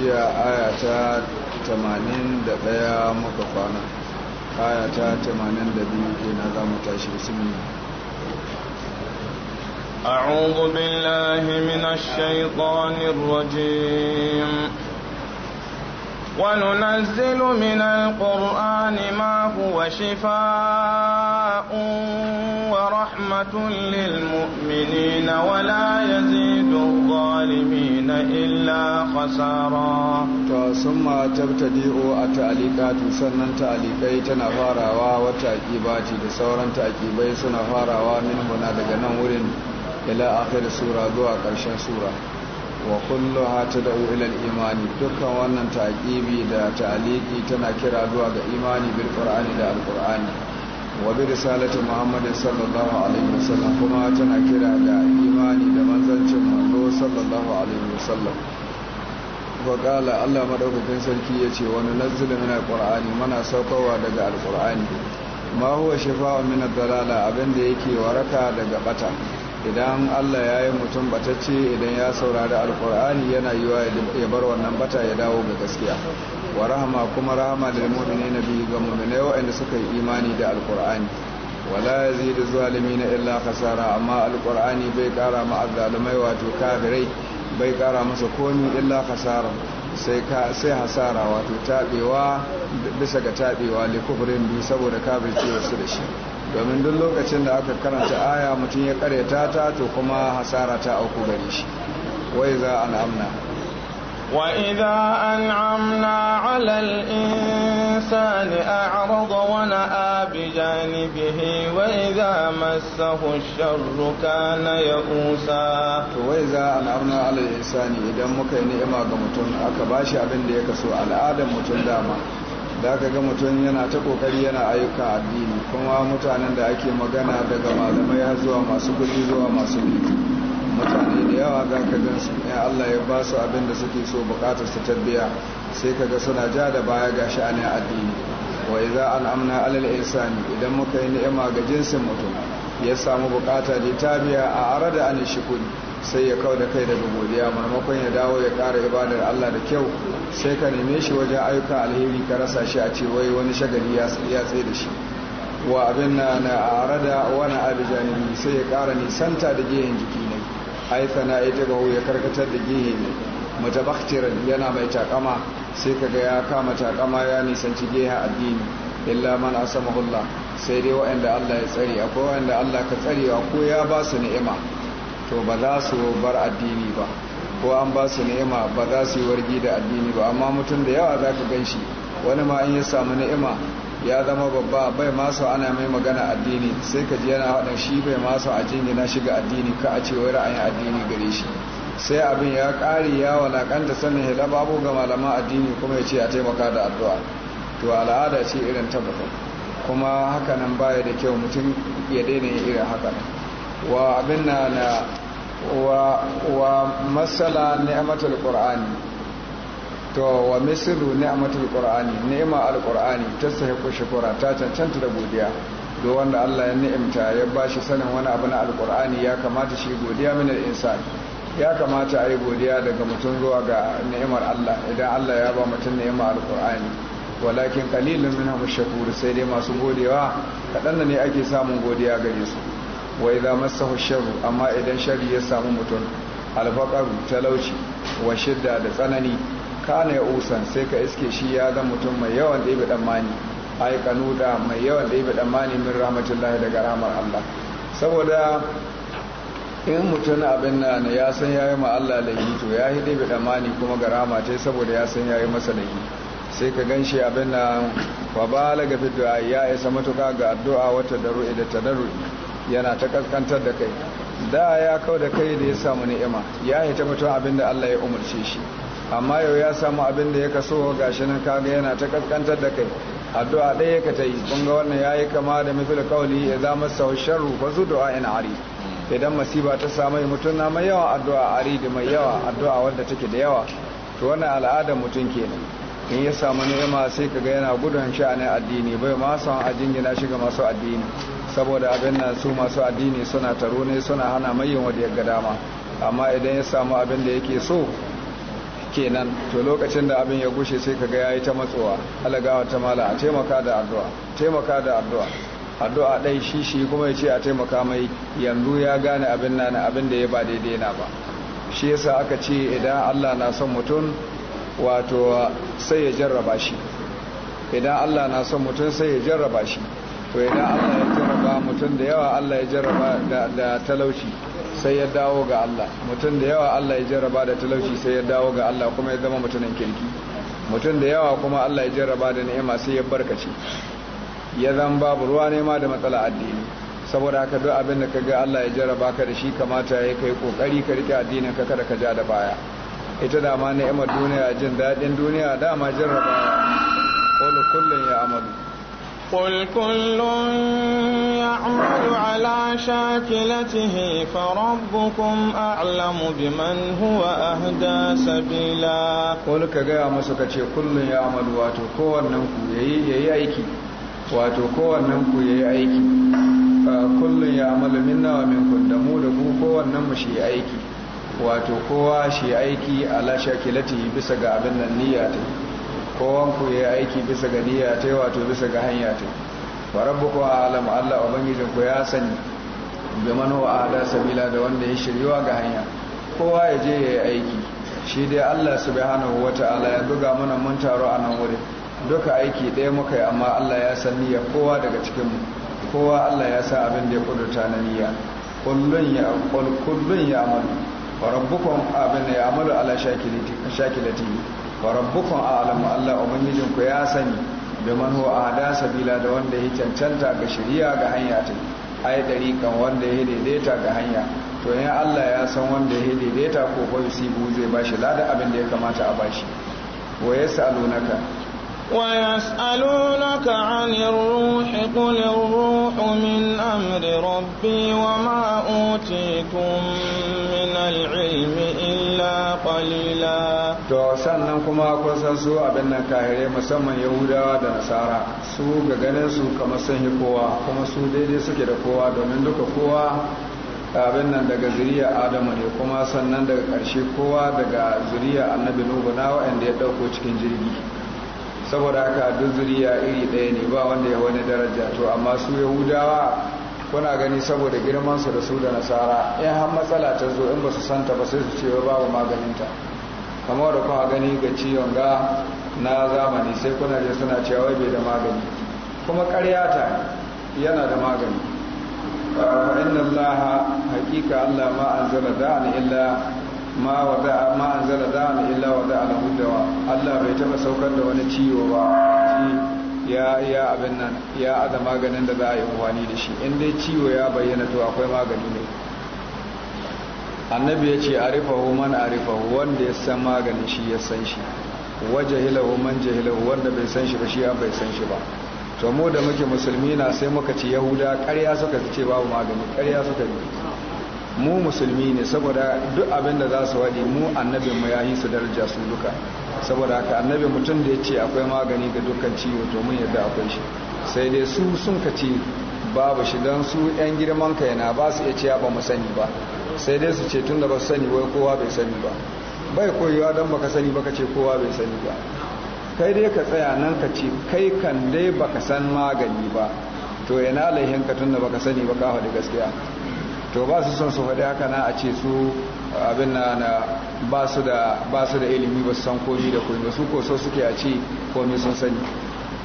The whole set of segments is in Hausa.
jiya aya ta 81 muka kwana aya ta 82 kenan za mu tashi bismillah أعوذ بالله من الشيطان الرجيم وننزل من القرآن ما هو شفاء ورحمة للمؤمنين ولا يزيد الظالمين إلا خسارا ثم تبتدئ التعليقات سنن تعليقي تنفارا وتعقيبات سورا تعقيبي سنفارا من هنا دقنا ورن إلى آخر سورة دعا قرشان سورة wa kullu tad'u da imani dukkan wannan taqibi da taliki tana kira zuwa ga imani bil qur'ani da alqur'ani wa bi risalati muhammad sallallahu alaihi wasallam kuma tana kira ga imani da manzancin manzo sallallahu alaihi wasallam wa qala Allah madaukakin sarki yace wani nunazzilu min alqur'ani mana saukowa daga alqur'ani ma huwa shifa'un min ad-dalala abinda yake waraka daga bata idan Allah ya yi mutum batacce idan ya saurari alkur'ani yana yiwa ya bar wannan bata ya dawo ga gaskiya wa rahama kuma rahama da ne na biyu ga mu'minai waɗanda suka yi imani da alkur'ani wala zalimi na illa kasara amma alkur'ani bai kara ma azalumai wato kafirai bai kara masa komi illa kasara sai hasara wato tabewa bisa ga tabewa likubrin bi saboda kafirci wasu da shi domin duk lokacin da aka karanta aya mutum ya kare ta ta to kuma hasara ta auku gari shi wai za a na'amna wai za a na'amna alal insa ne a arzọ wani abijan bihe wai za a masa hushar roka ya usa to wai za a na'amna alal insa ne idan muka yi ni'ima ga mutum aka ba shi abin da ya kaso al'adar mutum dama da aka ga mutum yana ta kokari yana ayyuka addini kuma mutanen da ake magana daga malamai har zuwa masu kudi zuwa masu biki mutane da yawa za ka gan su ya Allah ya ba su abin da suke so bukatar su tabbiya sai ka ga suna ja da baya ga sha'anin addini wa idza an'amna 'alal insani idan muka yi ni'ima ga jinsin mutum ya samu bukata da tabiya a arada an shi kudi sai ya kau da kai daga godiya maimakon ya dawo ya kara ibadar Allah da kyau sai ka neme shi wajen ayyuka alheri ka rasa shi a ce wai wani shagali ya tsaye da shi wa abin na na arada wani abijani sai ya kara nisanta da gehen jiki ne aika na ita ga ya karkatar da gehe ne mutabaktiran yana mai takama sai ka ga ya kama takama ya nisanci gehen addini illa man asamahullah sai dai wa'anda Allah ya tsare akwai waɗanda Allah ka tsarewa ko ya ba su ni'ima to ba za su bar addini ba ko an ba su ni'ima ba za su yi wargi da addini ba amma mutum da yawa za ka gan shi wani ma in ya samu ni'ima ya zama babba bai masu ana mai magana addini sai ka ji yana haɗa shi bai masu a jingina shiga addini ka a ce wai ra'ayin addini gare shi sai abin ya ƙari ya sannan sanin hila babu ga malaman addini kuma ya ce a taimaka da addu'a to al'ada ce irin ta kuma hakanan baya da kyau mutum ya daina yin irin hakanan wa abin na na wa matsala ni'amatul to wa misiru ni'amatul qur'ani ni'ima alqur'ani ta sahiku shukura ta cancanta da godiya do wanda Allah ya ni'imta ya bashi sanin wani abu na alqur'ani ya kamata shi godiya min al ya kamata a yi godiya daga mutum zuwa ga ni'imar Allah idan Allah ya ba mutum ni'imar alqur'ani walakin kalilin min sai dai masu godewa kaɗan da ne ake samun godiya gare su wa idza massahu sharru amma idan sharri ya samu mutum alfaqaru talauci wa shidda da tsanani kana ya usan sai ka iske shi ya ga mutum mai yawan ɗebe dan mani ai kanuda mai yawan ɗebe dan mani min rahmatullahi daga rahmar Allah saboda in mutum abin na ya san yayi ma Allah laifi to ya yi ɗebe dan kuma ga rahama tai saboda ya san yayi masa laifi sai ka ganshi abin na fa balaga fi du'a ya isa matuka ga addu'a wata daru'i da tadarru'i yana ta kaskantar da kai da ya kau da kai da ya samu ni'ima ya yi ta mutum abin da Allah ya umarce shi amma yau ya samu abin da ya kaso gashi nan kaga yana ta kaskantar da kai addu'a ɗaya ka ta yi kun ga wannan yayi kama da ya za idza sau sharru fa zu in ari idan masiba ta samu mutum na mai yawa addu'a ari da mai yawa addu'a wadda take da yawa to wannan al'adar mutum kenan in ya samu ni'ima sai ka ga yana gudun sha'anin addini bai ma son a jingina shi ga masu addini saboda abin nan su masu addini suna taro ne suna hana mai yin wadda ga dama amma idan ya samu abin da yake so kenan to lokacin da abin ya gushe sai ka ga yayi ta matsowa alagawa ta mala a taimaka da addu'a taimaka da addu'a addu'a dai shi shi kuma ya ce a taimaka mai yanzu ya gane abin nan abin da ya ba daidai na ba shi yasa aka ce idan Allah na son mutum wato sai ya jarraba shi idan Allah na son mutum sai ya jarraba shi to idan Allah ya jarraba mutum da yawa Allah ya jarraba da talauci sai ya dawo ga Allah mutum da yawa Allah ya jarraba da talauci sai ya dawo ga Allah kuma ya zama mutumin kirki mutum da yawa kuma Allah ya jarraba da ni'ima sai ya barkace ya zan babu ruwa ne ma da matsala addini saboda haka duk abin da kaga Allah ya jarraba ka da shi kamata ya kai kokari ka rike addinin ka kada ka ja da baya ita dama ni'imar duniya jin daɗin duniya da ma dama jarrabawa qul kullun ya'malu qul kullun ya'malu ala shakilatihi farabbukum a'lamu biman huwa hada sabila qul ka ga masa kullum ya ya'malu wato kowannan ku ya yi aiki wato kowannen ku yayi aiki kullun ya'malu minna wa minkum da mu da ku kowannen mu shi aiki wato kowa shi aiki lashe shakilati bisa ga abin nan niyya ta kowan ku ya aiki bisa ga niyya ta wato bisa ga hanya ta wa a alam Allah ubangijin ku ya sani bi man a ala sabila da wanda ya shiryuwa ga hanya kowa ya je ya yi aiki shi dai Allah subhanahu ta'ala ya buga mana mun taro a nan wurin duka aiki ɗaya muka yi amma Allah ya san niyyar kowa daga cikinmu kowa Allah ya sa abin da ya kudurta na niyya kullun ya kullun ya amalu warabbukun abin da ya amalu ala shakilati warabbukun a alamu allah ubangijinku ya sani da manho a hada sabila da wanda ya cancanta ga shirya ga hanya ta ai ɗarikan wanda ya daidaita ga hanya to yin allah ya san wanda ya daidaita ko kwa yusibu zai shi lada abin da ya kamata a ba bashi wa ya sa'alunaka ويسألونك عن الروح قل الروح من أمر ربي وما أوتيتم من العلم إلا قليلا to sannan kuma kun san su abin nan kahire musamman yahudawa da nasara su ga ganin su kamar sun kowa kuma su daidai suke da kowa domin duka kowa abin nan daga zuriya adamu ne kuma sannan daga ƙarshe kowa daga zuriya annabi nuhu na waɗanda ya ɗauko cikin jirgi saboda haka duk zuriya iri ɗaya ne ba wanda ya wani daraja to amma su yahudawa kuna gani saboda girmansu da su da nasara in har matsala ta zo in ba su santa ba sai su ce babu maganinta kamar da kuma gani ga ciwon ga na zamani sai kuna je suna cewa bai da magani kuma ƙarya ta yana da magani inna allaha allah ma anzala da'an illa ma wada ma anzala da'an illa wada ala hudawa Allah bai taba saukar da wani ciwo ba ya ya abin nan ya ada maganin da za a yi wani da shi in dai ciwo ya bayyana to akwai magani ne annabi ya ce arifahu man arifahu wanda ya san maganin shi ya san shi wa jahilahu man jahilahu wanda bai san shi ba shi ya bai san shi ba to mu da muke musulmi na sai muka ci yahuda ƙarya suka ce babu magani ƙarya suka yi mu musulmi ne saboda duk abin da za su waɗi mu mu ya yi su daraja su duka saboda haka annabi mutum da ya ce akwai magani ga dukkan ciwo to mun yadda akwai shi sai dai su sun ka ce babu shi don su yan girman kai na ba su iya cewa ba mu sani ba sai dai su ce tun da ba su sani wai kowa bai sani ba bai koyiwa don baka sani ba ka ce kowa bai sani ba kai dai ka tsaya nan ka ce kai kan dai baka san magani ba to yana laihin ka tun da baka sani ba ka da gaskiya to ba su son su faɗi haka na a ce su abin na na ba su da ilimi ba su san komi da komi su ko so suke a ce komi sun sani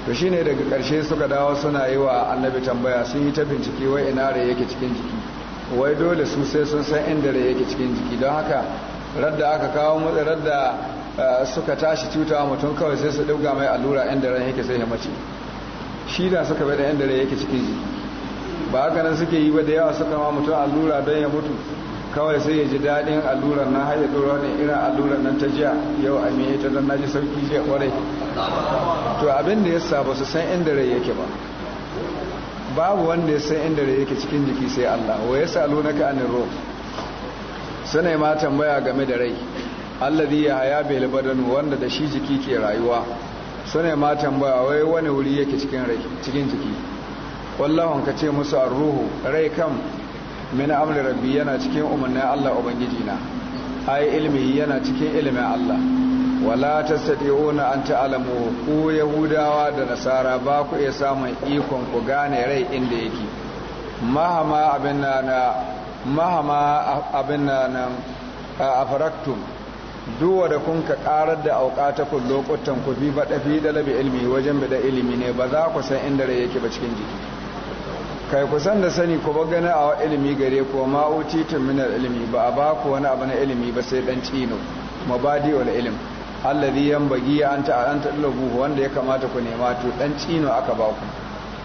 to shi ne daga ƙarshe suka dawo suna yi wa annabi tambaya sun yi ta bincike wai ina rai yake cikin jiki wai dole su sai sun san inda rai yake cikin jiki don haka radda aka kawo mutu radda eh, suka tashi cuta mutum kawai sai su ɗauka mai allura inda rai yake sai ya mace shi da suka bai da inda rai yake cikin jiki ba haka nan suke yi ba da yawa suka ma mutum allura don ya mutu kawai sai ya ji daɗin allurar na haɗe ɗora ne irin allurar nan ta jiya yau a miye ta don naji sauƙi jiya ƙwarai to abin da ya sa ba su san inda rai yake ba babu wanda ya san inda rai yake cikin jiki sai Allah wa ya salo na ka'anin su suna ma tambaya game da rai alladhi ya haya bil badan wanda da shi jiki ke rayuwa suna ma tambaya wai wani wuri yake cikin rai cikin jiki wallahun ka ce musu ruhu rai kam mini amri rabbi yana cikin umarni Allah ubangiji na ai ilmi yana cikin ilimin Allah wala ona an alamu ko yahudawa da nasara ba ku iya samun ikon ku gane rai inda yake mahama abin na mahama abin na afaraktum duwa da kun ka karar da aukata ku lokutan ku bi ba ɗafi da labi ilmi wajen bada ilimi ne ba za ku san inda rai yake ba cikin jiki kai kusan da sani ku bagana a ilimi gare ku ma utitun min ilimi ba a ba ku wani abu na ilimi ba sai dan tino mabadi wal ilm alladhi yanbaghi an ta an talabu wanda ya kamata ku nema to dan tino aka ba ku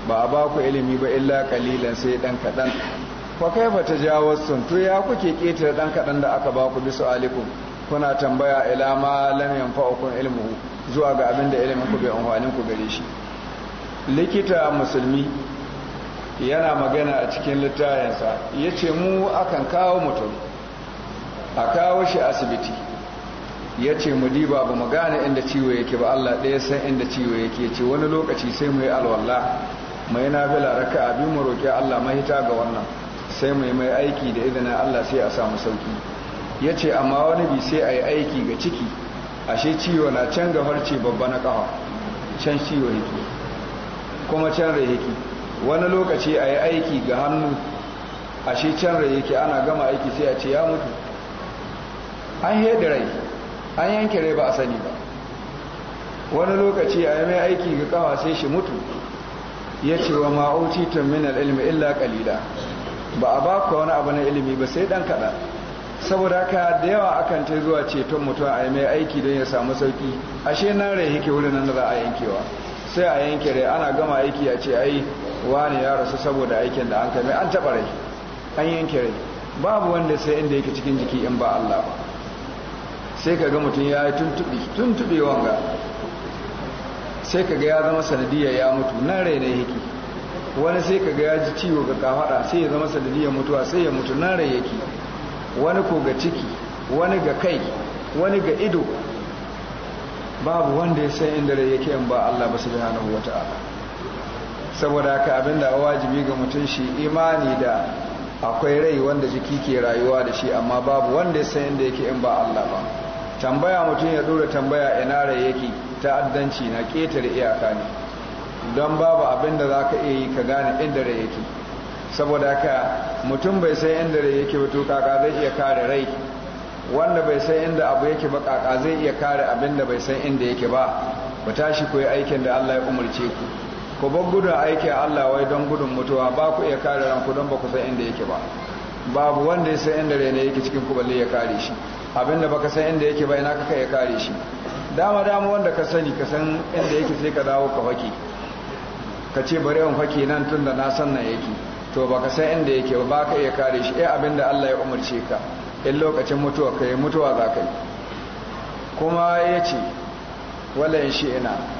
ba a ba ku ilimi ba illa qalilan sai dan kadan fa ta tajawazun to ya kuke keta dan kadan da aka ba ku bisu alikum kuna tambaya ila ma lam yanfa'ukum ilmuhu zuwa ga abinda da ilimin ku bai amfani ku gare shi likita musulmi yana magana a cikin littayensa ya ce mu akan kawo mutum a kawo shi asibiti ya ce mu diba ba mu gane inda ciwo yake ba Allah ɗaya san inda ciwo yake ce wani lokaci sai mu yi alwallah mai na nafila raka abin mu roƙi Allah mahita ga wannan sai mu yi mai aiki da izinin Allah sai a samu sauki ya ce amma wani bi sai a yi aiki ga ciki ashe ciwo na can gafarci babba na ƙawa can ciwo yake kuma can rai yake wani lokaci a yi aiki ga hannu a shi can rai yake ana gama aiki sai a ce ya mutu an hedi rai an yanke rai ba a sani ba wani lokaci a yi mai aiki ga kawa sai shi mutu ya ce wa ma'auci tun min al'ilmi illa kalila ba a ba ka wani abu na ilimi ba sai dan kaɗan saboda haka da yawa akan ta zuwa ceton mutum a yi mai aiki don ya samu sauki ashe nan rai yake wurin nan da za a yankewa sai a yanke rai ana gama aiki a ce ai wani ya rasu saboda aikin da an kai mai an taɓa rai an yanke rai babu wanda sai inda yake cikin jiki in ba Allah ba sai ka ga mutum ya yi tuntuɓe wanga sai ka ga ya zama sanadiyya ya mutu nan rai ne yake wani sai ka ga ya ji ciwo ga kafaɗa sai ya zama sanadiyar mutuwa sai ya mutu nan rai yake wani ko ga ciki wani ga kai wani ga ido babu wanda ya san inda rai yake in ba Allah ba subhanahu wata'ala saboda haka abinda wajibi ga mutum shi imani da akwai rai wanda jiki ke rayuwa da shi amma babu wanda ya san inda yake in ba Allah ba tambaya mutum ya dora tambaya ina rai yake addanci na ketare iyaka ne don babu abin da za ka iya yi ka gane inda rai yake saboda haka mutum bai san inda rai yake ba to kaka zai iya kare rai wanda bai san inda abu yake ba kaka zai iya kare abin bai san inda yake ba ku tashi ku yi aikin da Allah ya umarce ku ku bar gudun aiki Allah wai don gudun mutuwa ba ku iya kare ranku don ba ku san inda yake ba babu wanda ya san inda rene yake cikin ku balle ya kare shi abinda baka san inda yake ba ina kaka ya kare shi dama dama wanda ka sani ka san inda yake sai ka dawo ka fake ka ce bari in fake nan tun da na san nan yake to baka san inda yake ba ka iya kare shi eh abinda Allah ya umarce ka in lokacin mutuwa kai mutuwa za ka yi kuma ya ce wala in shi ina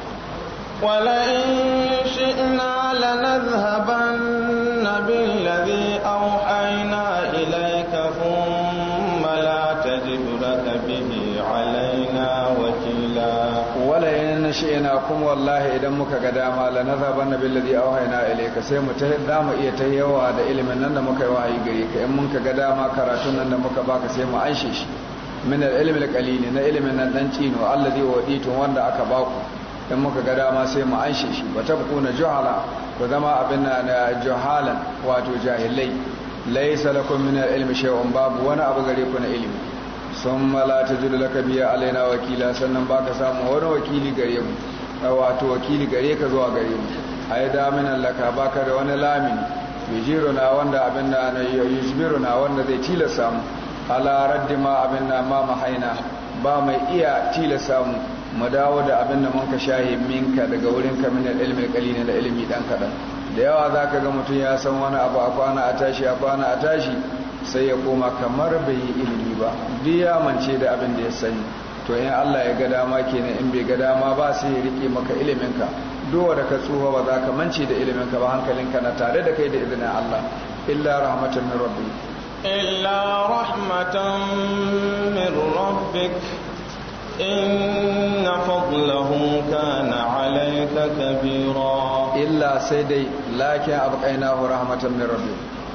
na kuma wallahi idan muka ga dama la nazaban nabi alladhi auhayna ilayka sai mu tahi da mu iya tayyawa da ilimin nan da muka yi wahayi gare ka in mun ga dama karatun nan da muka baka sai mu anshe shi min al ilmi na ilimin nan dan cinu alladhi wadi tun wanda aka baku in muka ga dama sai mu anshe shi ba ta na juhala ku zama abin na eh, juhalan wato jahilai laisa lakum min ilmi shay'un babu wani abu gare ku na ilimi sun mala ta jidu laka biya alaina wakila sannan ba ka samu wani wakili gare mu eh, wato wakili gare ka zuwa gare mu ai da minan laka baka da wani lamini na wanda abin na na na wanda zai tilasa mu ala raddi ma abin na ma mahaina ba mai iya tilasa mu mu dawo da abin da mun ka shahi minka daga wurin ka min ilmi qalil da ilmi dan kadan da yawa za ka ga mutum ya san wani abu a kwana a tashi a kwana a tashi sai ya koma kamar bai yi ilimi ba duk ya mance da abin da ya sani to in Allah ya ga dama kenan in bai ga dama ba sai ya rike maka ilimin ka dowa da ka tsufa ba za ka mance da ilimin ka ba hankalinka na tare da kai da izinin Allah illa rahmatan min rabbik illa rahmatan min rabbik inna fadlahu kana alayka kabira illa sai dai lakin abqainahu rahmatan min rabbi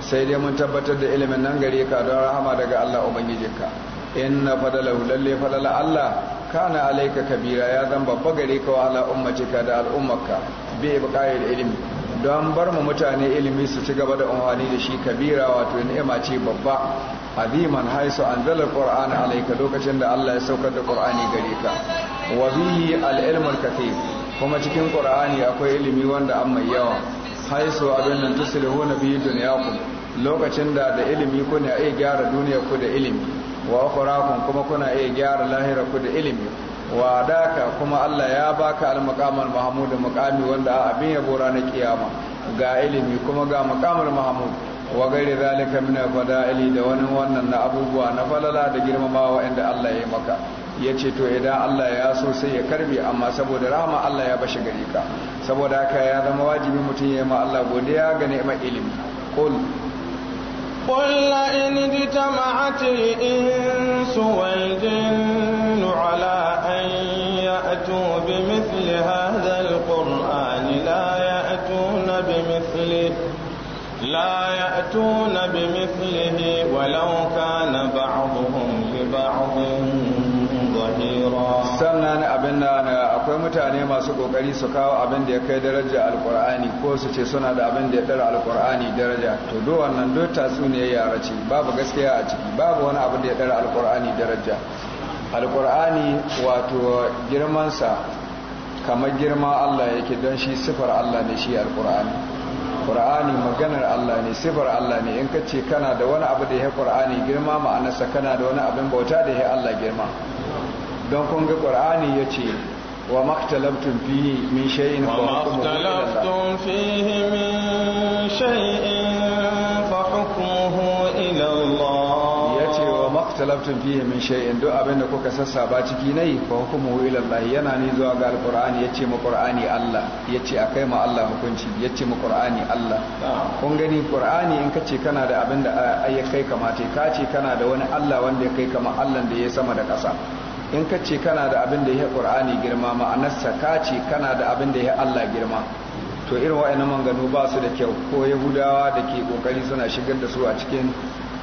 sai dai mun tabbatar da ilimin nan gare ka don rahama daga Allah ubangijinka inna fadalahu lalle fadala Allah kana alayka kabira ya zan babba gare ka wa ala ummatika da al'ummarka bi ibqa'il ilmi don bar mu mutane ilimi su ci gaba da amfani da shi kabira wato ni'ima ce babba adiman haisu anzala qur'an alayka lokacin da Allah ya saukar da qur'ani gare ka wa bihi al-ilm al-kathir kuma cikin qur'ani akwai ilimi wanda an mai yawa haisu abin nan tuslihuna nabi dunyakum lokacin da da ilimi kuna iya gyara duniya ku da ilimi wa akhrakum kuma kuna iya gyara lahira ku da ilimi wa daka kuma Allah ya baka al-maqamal mahmud muqami wanda abin yabo ranar kiyama ga ilimi kuma ga maqamul mahmud wa gairi zalika min fada'ili da wani wannan na abubuwa na falala da girmamawa inda Allah ya yi maka ya ce to idan Allah ya so sai ya karbe amma saboda rahama Allah ya bashi gari ka saboda haka ya zama wajibi mutum ya yi ma Allah godiya ga ni'imar ilimi qul قل إن اجتمعت الإنس والجن على لا يأتون ba ولو كان بعضهم لبعض ظهيرا sannan abin da akwai mutane masu kokari su kawo abin da ya kai daraja alkur'ani ko su ce suna da abin da ya dara alkur'ani daraja to do wannan do tatsuniyar yara ce babu gaskiya a ciki babu wani abin da ya dara alkur'ani daraja alkur'ani wato girmansa kamar girma Allah yake don shi sifar Allah ne shi alkur'ani qur'ani maganar Allah ne sifar Allah ne in ka ce kana da wani abu da ya qur'ani girma ma'anarsa kana da wani abin bauta da ya Allah girma don kun ga qur'ani ce wa maktalabtun fi min shay'in ikhtalaftum fihi min shay'in duk abin da kuka sassaba ciki nayi fa hukmuhu ila Allah yana ne zuwa ga alqur'ani yace mu qur'ani Allah yace akai ma Allah hukunci yace mu qur'ani Allah kun gani qur'ani in kace kana da abin da ya kai kamata ka ce kana da wani Allah wanda ya kai kama Allah da ya sama da ƙasa in kace kana da abin da ya qur'ani girma ma'anarsa ka ce kana da abin da ya Allah girma to irin wa'annan manganu ba su da kyau ko yahudawa da ke kokari suna shigar da su a cikin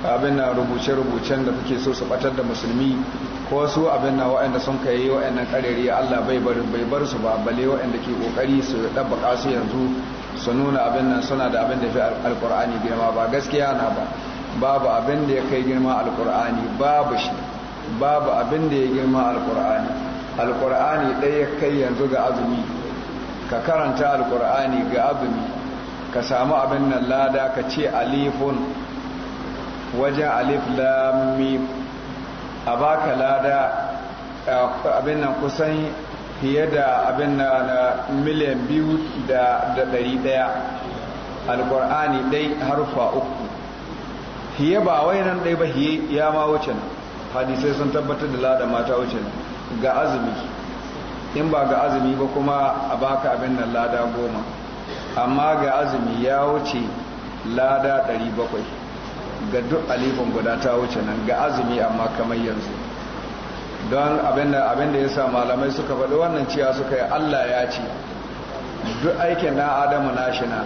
abin na rubuce-rubucen da kuke so su batar da musulmi ko su abin na wa'anda sun kai wa'annan ƙarere Allah bai bar su ba bale wa'anda ke ƙoƙari su ɗabbaka su yanzu su nuna abin nan suna da abin da fi alƙur'ani girma ba gaskiya na ba babu abin da ya kai girma alƙur'ani babu shi babu abin da ya girma alƙur'ani alƙur'ani ɗaya ya kai yanzu ga azumi ka karanta alƙur'ani ga azumi ka samu abin nan lada ka ce alifun wajen alif lami a baka lada abin nan kusan fiye da abin na miliyan biyu da ɗari ɗaya alƙur'ani ɗai harfa uku fiye ba wai nan ɗai ba fiye ya ma wuce hadisai sun tabbatar da lada mata wuce ga azumi in ba ga azumi ba kuma a baka abin nan lada goma amma ga azumi ya wuce lada ɗari bakwai ga duk alifin guda ta wuce nan ga azumi amma kamar yanzu don abinda ya sa malamai suka faɗi wannan ciya suka yi allah ya ce duk aikin na adamu nashina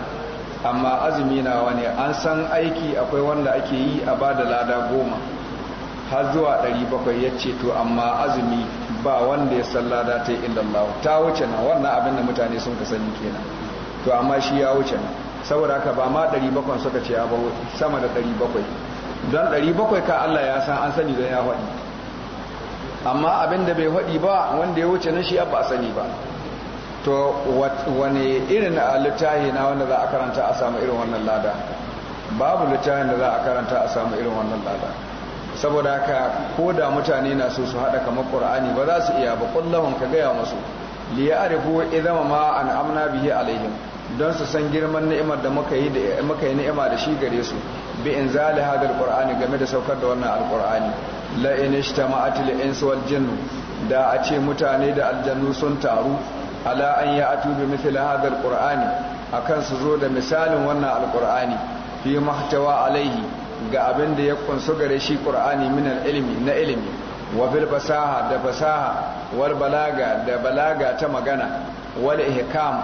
amma azumi na wani an san aiki akwai wanda ake yi a ba da lada goma har zuwa 700 ya ce to amma azumi ba wanda ya san lada ta yi illallah ta wuce nan wannan abin da mutane sun ka sani kenan to amma shi ya wuce nan. saboda haka ba ma 700 suka ce ba sama da 700 don 700 ka Allah ya san an sani don ya haɗi amma abin da bai haɗi ba wanda ya wuce na shi ba sani ba to wani irin littahi na wanda za a karanta a samu irin wannan lada babu littahin da za a karanta a samu irin wannan lada saboda haka ko da mutane na so su haɗa kamar ƙur'ani ba za su iya ba kullahun ka gaya musu liya arifu idama ma an amna bihi alaihim don su san girman ni'imar da muka yi ni'ima da shi gare su bi in zali hadal qur'ani game da saukar da wannan alqur'ani la in ishtama'at al insu wal jinnu da a ce mutane da aljannu sun taru ala an ya'tu bi mithli Kur'ani qur'ani akan su zo da misalin wannan alqur'ani fi mahtawa alaihi ga abin da ya kunsu gare shi qur'ani min al ilmi na ilmi wa bil fasaha da fasaha war balaga da balaga ta magana wal ihkam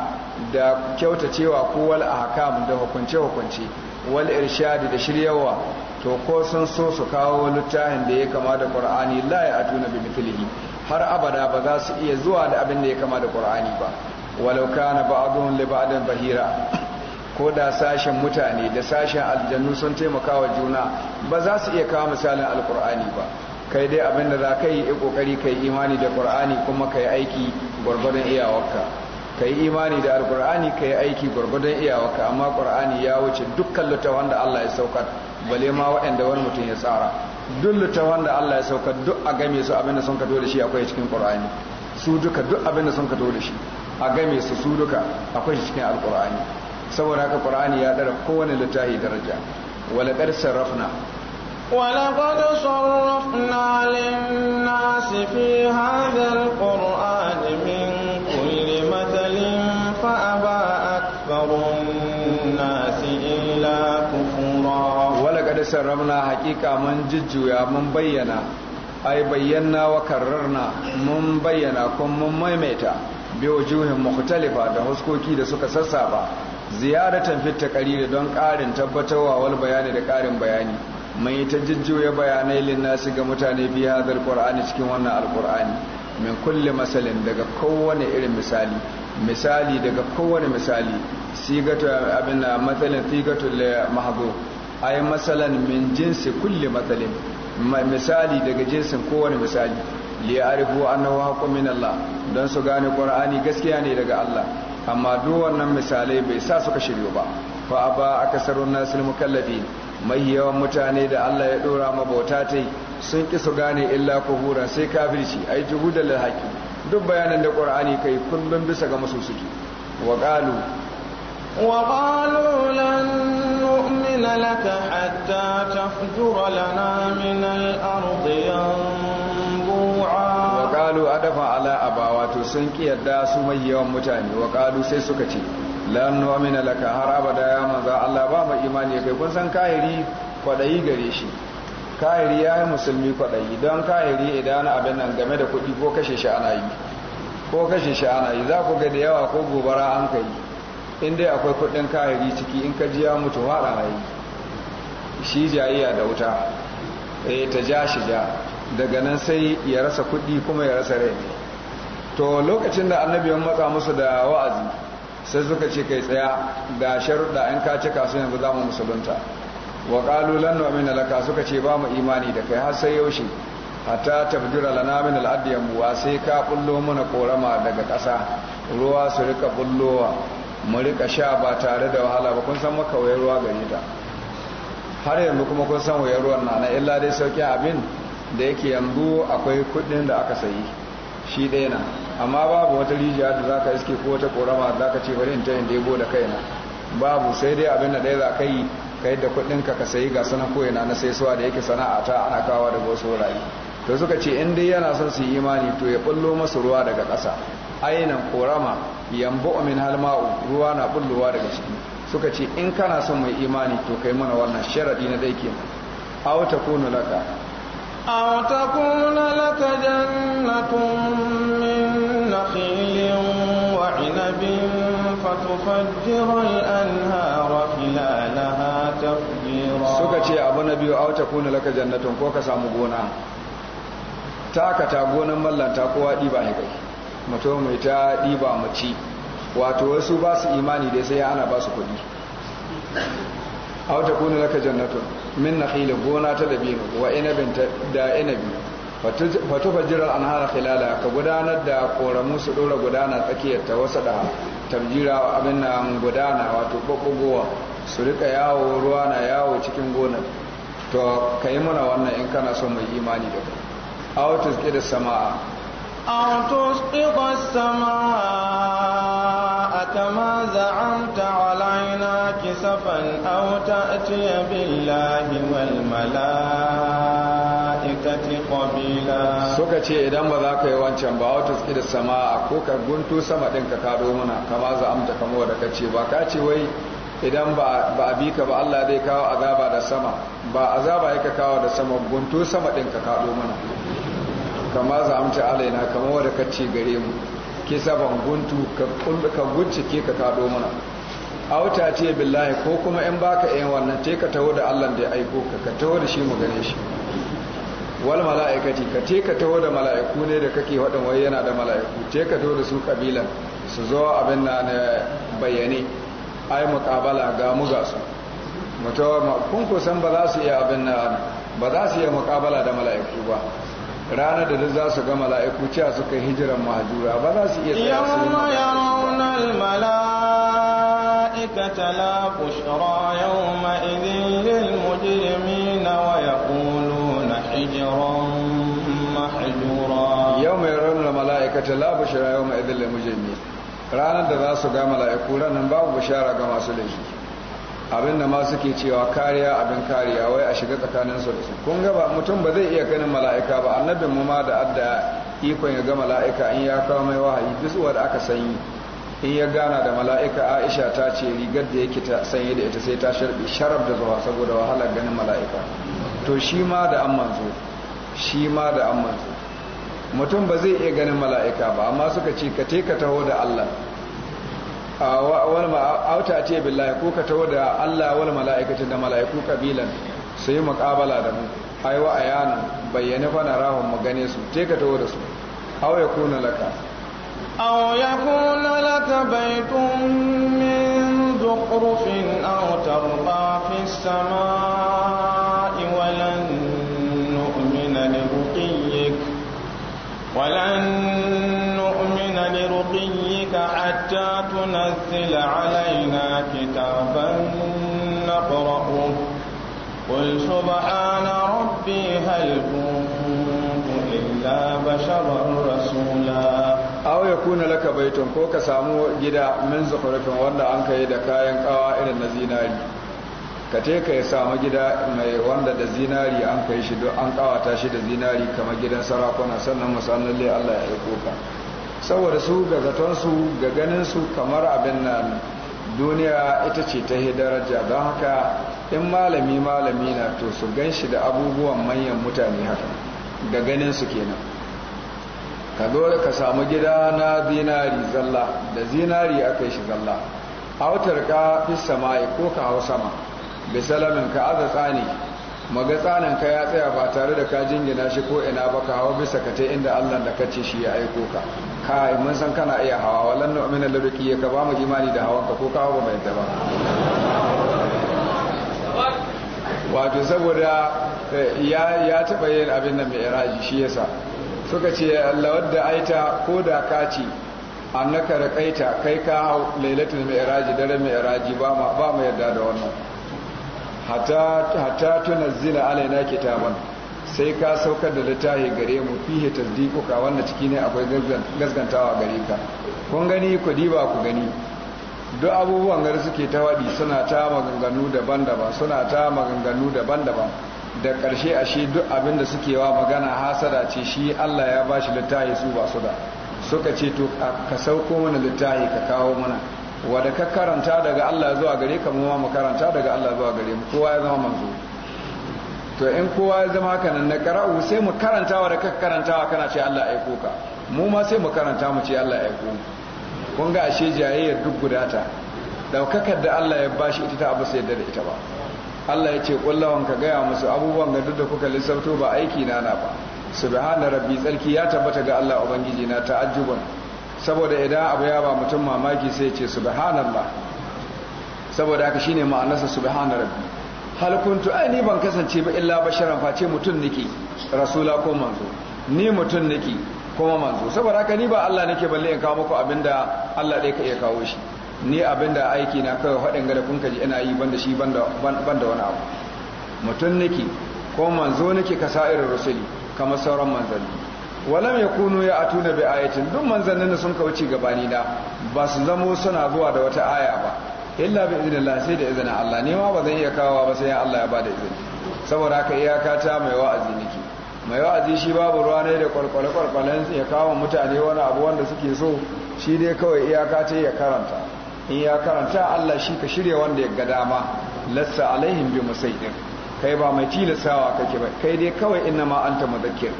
da kyautacewa ko wal ahkam da hukunce hukunce wal irshadi da shiryawa to ko sun so su kawo littafin da ya kama da qur'ani la ya atuna bi mithlihi har abada ba za su iya zuwa da abin da ya kama da qur'ani ba walau kana ba'dun li ba'din bahira ko da sashen mutane da sashen aljannu sun taimaka wa juna ba za su iya kawo misalin alqur'ani ba kai dai abin da za ka yi kokari kai imani da qur'ani kuma kai aiki gwargwadon iyawarka ka yi imani da alkur'ani ka yi aiki gwargwadon iyawarka amma qur'ani ya wuce dukkan littafan da Allah ya saukar bale ma waɗanda wani mutum ya tsara duk littafan da Allah ya saukar duk a game su abin da sun kato da shi akwai cikin qur'ani su duka duk abin da sun kato da shi a game su su duka akwai shi cikin alkur'ani saboda haka qur'ani ya dara kowane littafi daraja wala qad sarrafna ولقد صرفنا للناس في هذا القرآن sarramna haƙiƙa mun jujjuya mun bayyana ai bayyana wa karrarna mun bayyana kuma mun maimaita biyo juhin mukhtalifa da huskoki da suka sassaba ziyaratan fit taqriri don ƙarin tabbatarwa wal bayani da ƙarin bayani mai ta jujjuya bayanai lin nasi ga mutane bi hadal qur'ani cikin wannan alqur'ani min kulle masalin daga kowane irin misali misali daga kowane misali sigatu abin matsalin sigatu le mahdhu ay masalan min jinsi kulli matsalin misali daga jinsin kowane misali li arifu annahu haqqun min Allah dan su gane qur'ani gaskiya ne daga Allah amma duk wannan misalai bai sa suka shiryo ba fa aba akasarun nasul mukallafi mai yawan mutane da Allah ya dora mabauta tai sun ki su gane illa kuhura sai kafirci ai juhudal haqi duk bayanan da qur'ani kai kullum bisa ga musu suke wa qalu وقالوا لن نؤمن لك حتى تفجر لنا من الأرض ينبوعا وقالوا أدفع على أباوات سنك يدى سمي ومتاني وقالوا سيسكتي لن نؤمن لك har abada ya manza Allah ba mu imani kai kun san kahiri kwadayi gare shi kahiri ya yi musulmi kwadayi don kahiri idan abin nan game da kuɗi ko kashe shi ko kashe shi za ku ga da yawa ko gobara an kai in dai akwai kudin kahiri ciki in ka jiya mutu haɗa a yi shi jayayya da wuta ya eh, ta ja shi ja daga nan sai ya rasa kudi kuma ya rasa rai to lokacin da annabi ya matsa musu da wa'azi sai suka ce kai tsaya ga sharuɗa in ka cika su yanzu za mu musulunta wa qalu lan nu'mina laka suka ce ba mu imani da kai har sai yaushe hatta tabdura lana min al'adiyam wa sai ka bullo mana korama daga ƙasa ruwa su rika bullowa mu rika sha ba tare da wahala ba kun san maka wayar ruwa gare ta har yanzu kuma kun san wayar ruwan na na illa dai sauki abin da yake yanzu akwai kudin da aka sayi shi ɗaya na amma babu wata rijiya da zaka iske ko wata korama da zaka ce bari in ta yin debo da kaina babu sai dai abin da ɗaya za ka ka yi da kudin ka ka sayi ga sanan koyana na sai suwa da yake sana'a ta ana kawo daga wasu wurare to suka ce in dai yana son su yi imani to ya bullo masu ruwa daga ƙasa ainan korama yambo min halma'u ruwa na bullowa daga ciki suka ce in kana son mai imani to kai mana wannan sharadi na dai kenan aw takunu laka aw takuna laka jannatun min nakhilin wa 'inabin fatufajjira al-anhara filalaha tafjira suka ce abu na biyu aw takuna laka jannatun ko ka samu gona taka ta gonan mallanta kowa ɗiba ne kai mutum mai ta ɗiba mace wato wasu ba su imani da sai ana ba su kuɗi auta kuna laka jannatu min nakhilin gona ta da biyu wa inabin da inabi fatu fajirar an hana khilala ka gudanar da koramu su ɗora gudana tsakiyar ta wasu da tabjira abin nan gudana wato ɓaɓɓugowa su rika yawo ruwa na yawo cikin gonar to ka yi mana wannan in kana son mai imani da kai autus da sama'a أو تسقط السماء كما زعمت علينا كسفا أو تأتي بالله والملائكة قبيلا suka ce idan ba za ka yi wancan ba wata suke da sama ko ka guntu sama ɗin ka kado muna kama za amta kamo da ka ce ba ka ce wai idan ba a bi ka ba Allah zai kawo azaba da sama ba azaba ya ka kawo da sama guntu sama ɗin ka kado mana. kama za mutu alaina kama wadda ka ce gare mu ke saban guntu ka guncike ka kado mana a wuta ce billahi ko kuma in baka yin wannan te ka taho da allah da ya aiko ka ka taho da shi mu gane shi wal mala'ikati ka te ka taho da mala'iku ne da kake waɗin wai yana da mala'iku te ka taho da su kabilan su zo abin na bayyane ai muƙabala ga mu ga su mutawa kun kusan ba za su iya abin na ba za su iya muƙabala da mala'iku ba ranar da za su ga mala'iku cewa suka hijira mahajura ba za su iya tsaya su yawma yarawna almala'ikata la bushra yawma idhin lil mujrimina wa yaquluna hijran mahjura yawma yarawna almala'ikata la bushra yawma idhin lil mujrimina ranar da za su ga mala'iku ranan babu bishara ga masu laifi abinda ma suke cewa kariya abin kariya wai a shiga tsakanin su da su kun ga mutum ba zai iya ganin mala'ika ba annabin mu ma da adda ikon ya ga mala'ika in ya kawo mai wahayi duk da aka sanyi in ya gana da mala'ika Aisha ta ce rigar da yake ta sanye da ita sai ta sharbi sharab da zuwa saboda wahalar ganin mala'ika to shi ma da an manzo shi ma da an manzo mutum ba zai iya ganin mala'ika ba amma suka ce ka te ka taho da Allah a auta ce billahi ko ka tawo da Allah wal mala'ikati da mala'iku kabilan sai kabala da mu ai wa ayana bayyane fa na rahon mu gane su te ka tawo da su aw yakuna laka aw yakuna laka baytun min zukhrufin aw tarqa fi samai walan nu'mina li ruqiyyik walan أنزل علينا كتابا نقرأه قل سبحان ربي هل كنت إلا بشرا رسولا أو يكون لك laka baitun ko ka samu gida min zukhrufin wanda an kai da kayan kawa irin na zinari ka ya samu gida mai wanda da zinari an kai shi don an kawata shi da zinari kamar gidan sarakuna sannan musallalle Allah ya aiko ka saboda su ga zatonsu ga ganinsu kamar abin nan duniya ita ce ta daraja don haka in malami malami na to su gan shi da abubuwan manyan mutane haka ga ganinsu kenan ka zo ka samu gida na zinari zalla da zinari aka shi zalla autar ka fi sama'i ko ka hau sama bisalamin ka aza tsani maga tsanin ka ya tsaya ba tare da ka jingina shi ko ina ba ka hau bisa ka ta inda allah da ka ce shi ya aiko ka kai mun san kana iya hawa wallan nu'mina ya ka ba mu imani da hawan ka ko kawo ba mai ba wato saboda eh, ya ya taba yin abin nan mai iraji shi yasa suka ce Allah wadda aita ko da ka ce annaka raqaita kai ka hau lailatul mi'raji dare mi'raji ba ma ba mu yarda da wannan hatta hatta tunazzila alaina kitaban sai ka saukar da littafi gare mu fihe tasdiquka wanda ciki ne akwai gaskantawa gare ka kun gani ku diba ku gani duk abubuwan gari suke ta waɗi suna ta maganganu daban-daban suna ta maganganu daban-daban da ƙarshe ashe duk abin da suke wa magana hasada ce shi Allah ya bashi littafi su ba su da suka ce to ka sauko mana littafi ka kawo mana wanda ka karanta daga Allah zuwa gare ka mu ma mu karanta daga Allah zuwa gare mu kowa ya zama manzo to in kowa ya zama haka nan na qara'u sai mu karanta wa da kaka karantawa kana ce Allah ya aiko ka mu ma sai mu karanta mu ce Allah ya aiko kun ga ashe jayayyar duk gudata daukakar da Allah ya bashi ita ta abu sai yadda da ita ba Allah ya ce kullawan ka gaya musu abubuwan ga duk da kuka lissafto ba aiki na na ba subhana rabbi tsarki ya tabbata ga Allah ubangiji na ta'ajjuban saboda idan abu ya ba mutum mamaki sai ya ce subhanallah saboda haka shine ma'anarsa subhana rabbi hal kuntu ai ni ban kasance ba illa basharan face mutum nake rasula ko manzo ni mutum nake kuma manzo saboda haka ni ba Allah nake balle in kawo muku abinda Allah dai ka iya kawo shi ni abinda aiki na kai hadin gada kun kaji ina yi banda shi banda banda wani abu mutum nake ko manzo nake ka sa'irin rusuli kamar sauran manzanni walam yakunu ya atuna bi ayatin duk manzannin sun kauce gabani da ba su zamo suna zuwa da wata aya ba illa bi Allah sai da izinin Allah ne ma ba zan iya kawo ba sai ya Allah ya bada izini saboda haka iyaka ta mai wa'azi niki mai wa'azi shi babu ruwa ne da kwalkwale kwalkwalen ya kawo mutane wani abu wanda suke so shi dai kawai iyaka ta ya karanta in ya karanta Allah shi ka shirya wanda ya ga dama lassa alaihim bi musaidin kai ba mai tilasawa kake ba kai dai kawai inna ma anta mudakkir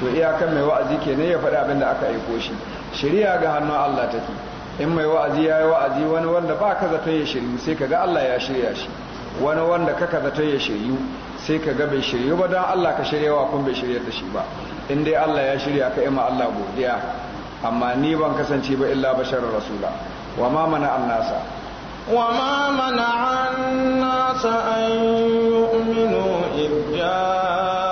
to iyakan mai wa'azi kenan ya faɗi abin da aka aiko shi shirya ga hannun Allah take in mai wa'azi ya yi wa'azi wani wanda ba ka zato ya shiryu sai ka ga Allah ya shirya shi wani wanda ka ka ya shiryu sai ka ga bai shiryu ba don Allah ka shirya wa kun bai shirya da shi ba in dai Allah ya shirya ka ima Allah godiya amma ni ban kasance ba illa bashar rasula wa ma mana annasa wa ma mana annasa an yu'minu idda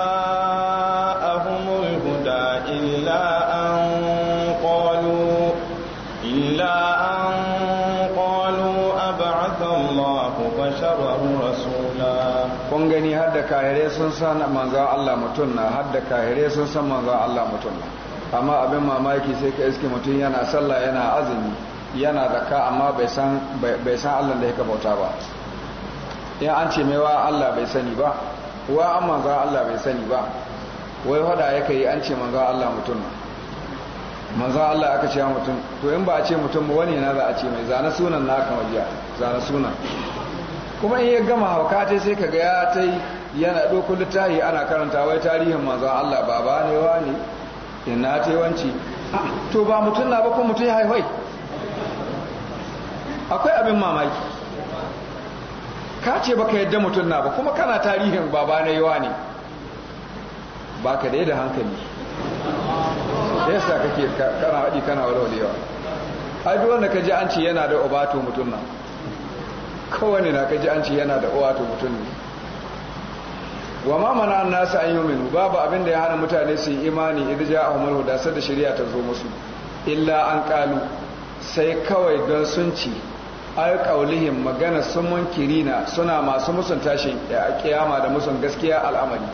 kun gani har da kahire sun san manzan Allah mutum na har da kahire sun san manzan Allah mutum na amma abin mamaki sai ka iske mutum yana sallah yana azumi yana zaka amma bai san Allah da yake bauta ba in an ce mai wa Allah bai sani ba wa an manzan Allah bai sani ba wai hada yake yi an ce manzan Allah mutum na manzan Allah aka ce mutum to in ba a ce mutum ba wani na za a ce mai zane sunan na naka jiya zane sunan kuma in ya gama hauka ta sai ka ga ya ta yana ɗauko littafi ana karanta wai tarihin manzon Allah ba ba ne ne ina ta yawanci ah, to ba mutum na ba ko mutum ya haihuwa akwai abin mamaki ka ce baka yadda mutum na ba kuma kana tarihin ba na yawa ne ba ka da hankali da yasa kake kana haɗi kana walwalewa ai duk wanda ka ji an ce yana da obato mutum na. kowane na kaji an ce yana da uwa to mutum ne wa ma mana an nasu an yi minu babu abin da ya hana mutane su yi imani idan ja a umaru da da shari'a ta zo musu illa an kalu sai kawai don sun ci ai kaulihim magana sun na suna masu musun tashin kiyama da musun gaskiya al'amari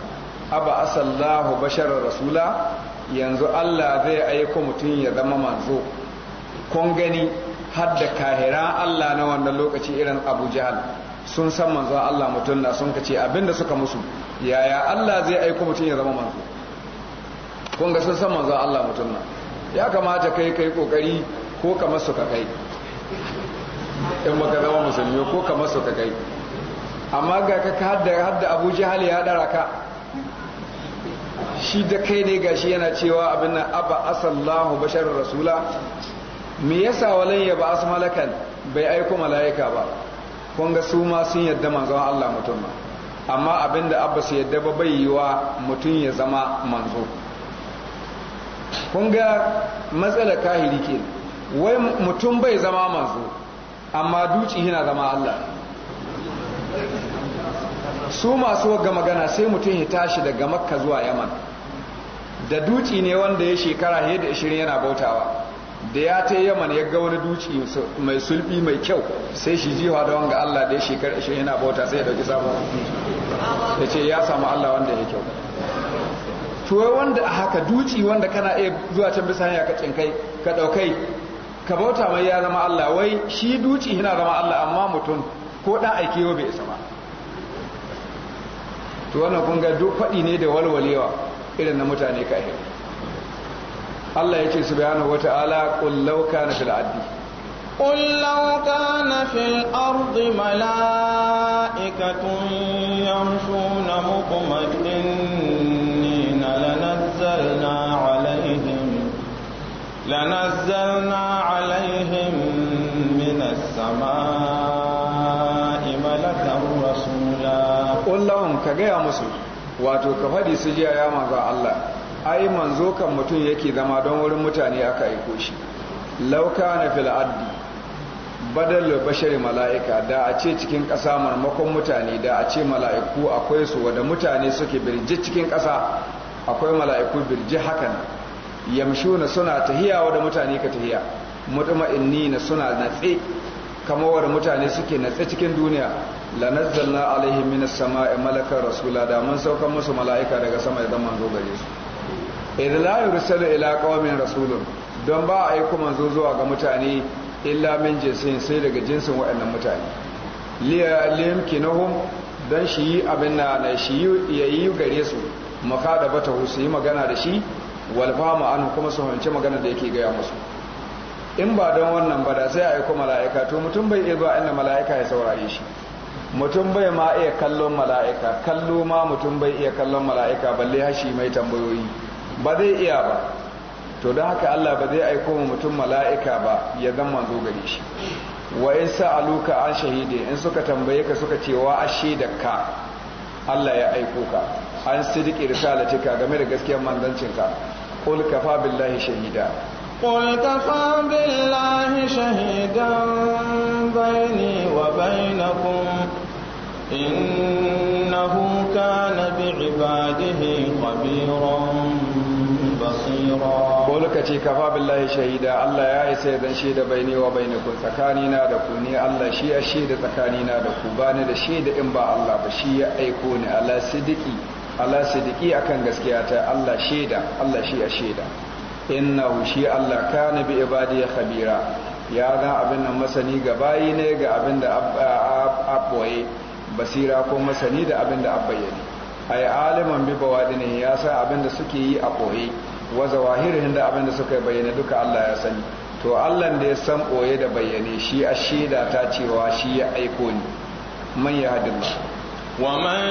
aba asallahu basharar rasula yanzu Allah zai aiko mutum ya zama manzo kun gani har da kahiran Allah na wannan lokaci irin Abu Jahal sun san manzon Allah mutum na sun kace abinda suka musu yaya Allah zai aiko mutum ya zama manzo kun ga sun san manzon Allah mutum na ya kamata kai kai kokari ko kamar su ka kai in baka zama musulmi ko kamar su ka kai amma ga ka hadda hadda Abu Jahal ya dara ka shi da kai ne gashi yana cewa abin nan aba asallahu basharar rasula me yasa walan ya ba asu malakan bai aiko mala'ika ba kun ga su ma sun yadda manzon Allah mutum ma amma abinda abba su yadda ba bai yi wa mutum ya zama manzo kun ga matsalar kahiri ke wai mutum bai zama manzo amma duci yana zama Allah su masu wagga magana sai mutum ya tashi daga makka zuwa yaman da duci ne wanda ya shekara fiye da 20 yana bautawa da ya ta yaman ya ga wani duci mai sulfi mai kyau sai shi jiwa da wanga Allah da ya shekaru shi yana bauta sai ya dauki sabon ya ce ya samu Allah wanda ya kyau tuwai wanda a haka duci wanda kana iya zuwa can bisa hanya ka cinkai ka daukai ka bauta mai ya zama Allah wai shi duci yana zama Allah amma mutum ko dan aike yau bai isa ba to wannan kun ga duk faɗi ne da walwalewa irin na mutane kai Allah ya ce subhanahu wa ta’ala ƙullauka na fil’addi. ƙullauka na fil’ardi mala’ikatun yamsu na mukumakin ni na lanazzar na alaihim lanazzar na alaihim minas sama imalatar rasula. ka gaya musu wato ka faɗi su jiya ya maza Allah. ai manzo kan mutum yake zama don wurin mutane aka aiko shi lauka na fil addi badal bashari mala'ika da a ce cikin ƙasa marmakon mutane da a ce mala'iku akwai su wadda mutane suke birji cikin ƙasa akwai mala'iku birji hakan yamshuna suna tahiya wadda mutane ka tahiya na suna natse kamar wada mutane suke natse cikin duniya la nazzalna alaihim minas sama'i malaka rasula da mun sauka musu mala'ika daga sama ya zama gare su idan eh, la yursalu ila qaumin rasulun don ba a aiko manzo zuwa ga mutane illa min jinsin sai daga jinsin waɗannan mutane liya limkinahum dan shi yi abin na na shi yayi gare su makada bata su yi magana da shi wal fama an kuma su hanci magana da yake gaya musu in ba don wannan ba da sai a aiko mala'ika to mutum bai iya zuwa mala'ika ya saurare shi mutum bai ma iya kallon mala'ika kallo ma mutum bai iya kallon mala'ika balle hashi mai tambayoyi ba zai iya ba to don haka Allah ba zai aiko mu mutum mala'ika ba ya zan manzo gare shi wa in luka an shahide in suka tambaye ka suka ce wa ashe da ka Allah ya aiko ka an sidiki ka game da gaskiyar manzancinka qul kafa billahi shahida قل كفى بالله شهيدا بيني وبينكم إنه كان بعباده خبيرا ko ce kafa billahi shahida Allah ya isa ya zan shaida baini wa tsakani tsakanina da ku ne Allah shi ya shaida tsakanina da ku bani da shaida in ba Allah ba shi ya aiko ni Allah sidiki sidiki akan gaskiya ta Allah shaida Allah shi ya shaida innahu shi Allah kana bi ya khabira ya zan abin nan masani ga bayi ne ga abin da abboye basira ko masani da abin da A ai aliman bi bawadine ya sa abin da suke yi a boye wa zawahirin da abinda suka bayyana duka Allah ya sani to Allah da ya san boye da bayyane shi a shaida ta cewa shi ya aiko ni man yahdillah wa man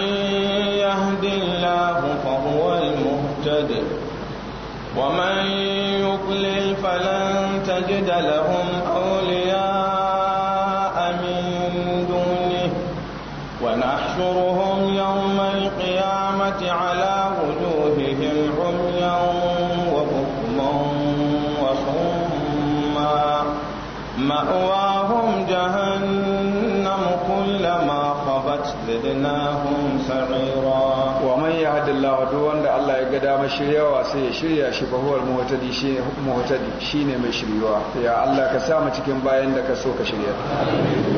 yahdillahu fa al-muhtad wa man yuqlil falan tajid lahum awliya amin dunni wa nahshuruhum yawma al-qiyamati ala مأواهم جهنم كلما خبت زدناهم سعيرا ومن يهد الله دون da Allah ya ga dama shiryawa sai ya shirya shi fa huwal shine mai shiryawa ya Allah ka sa mu cikin bayan da ka so ka shirya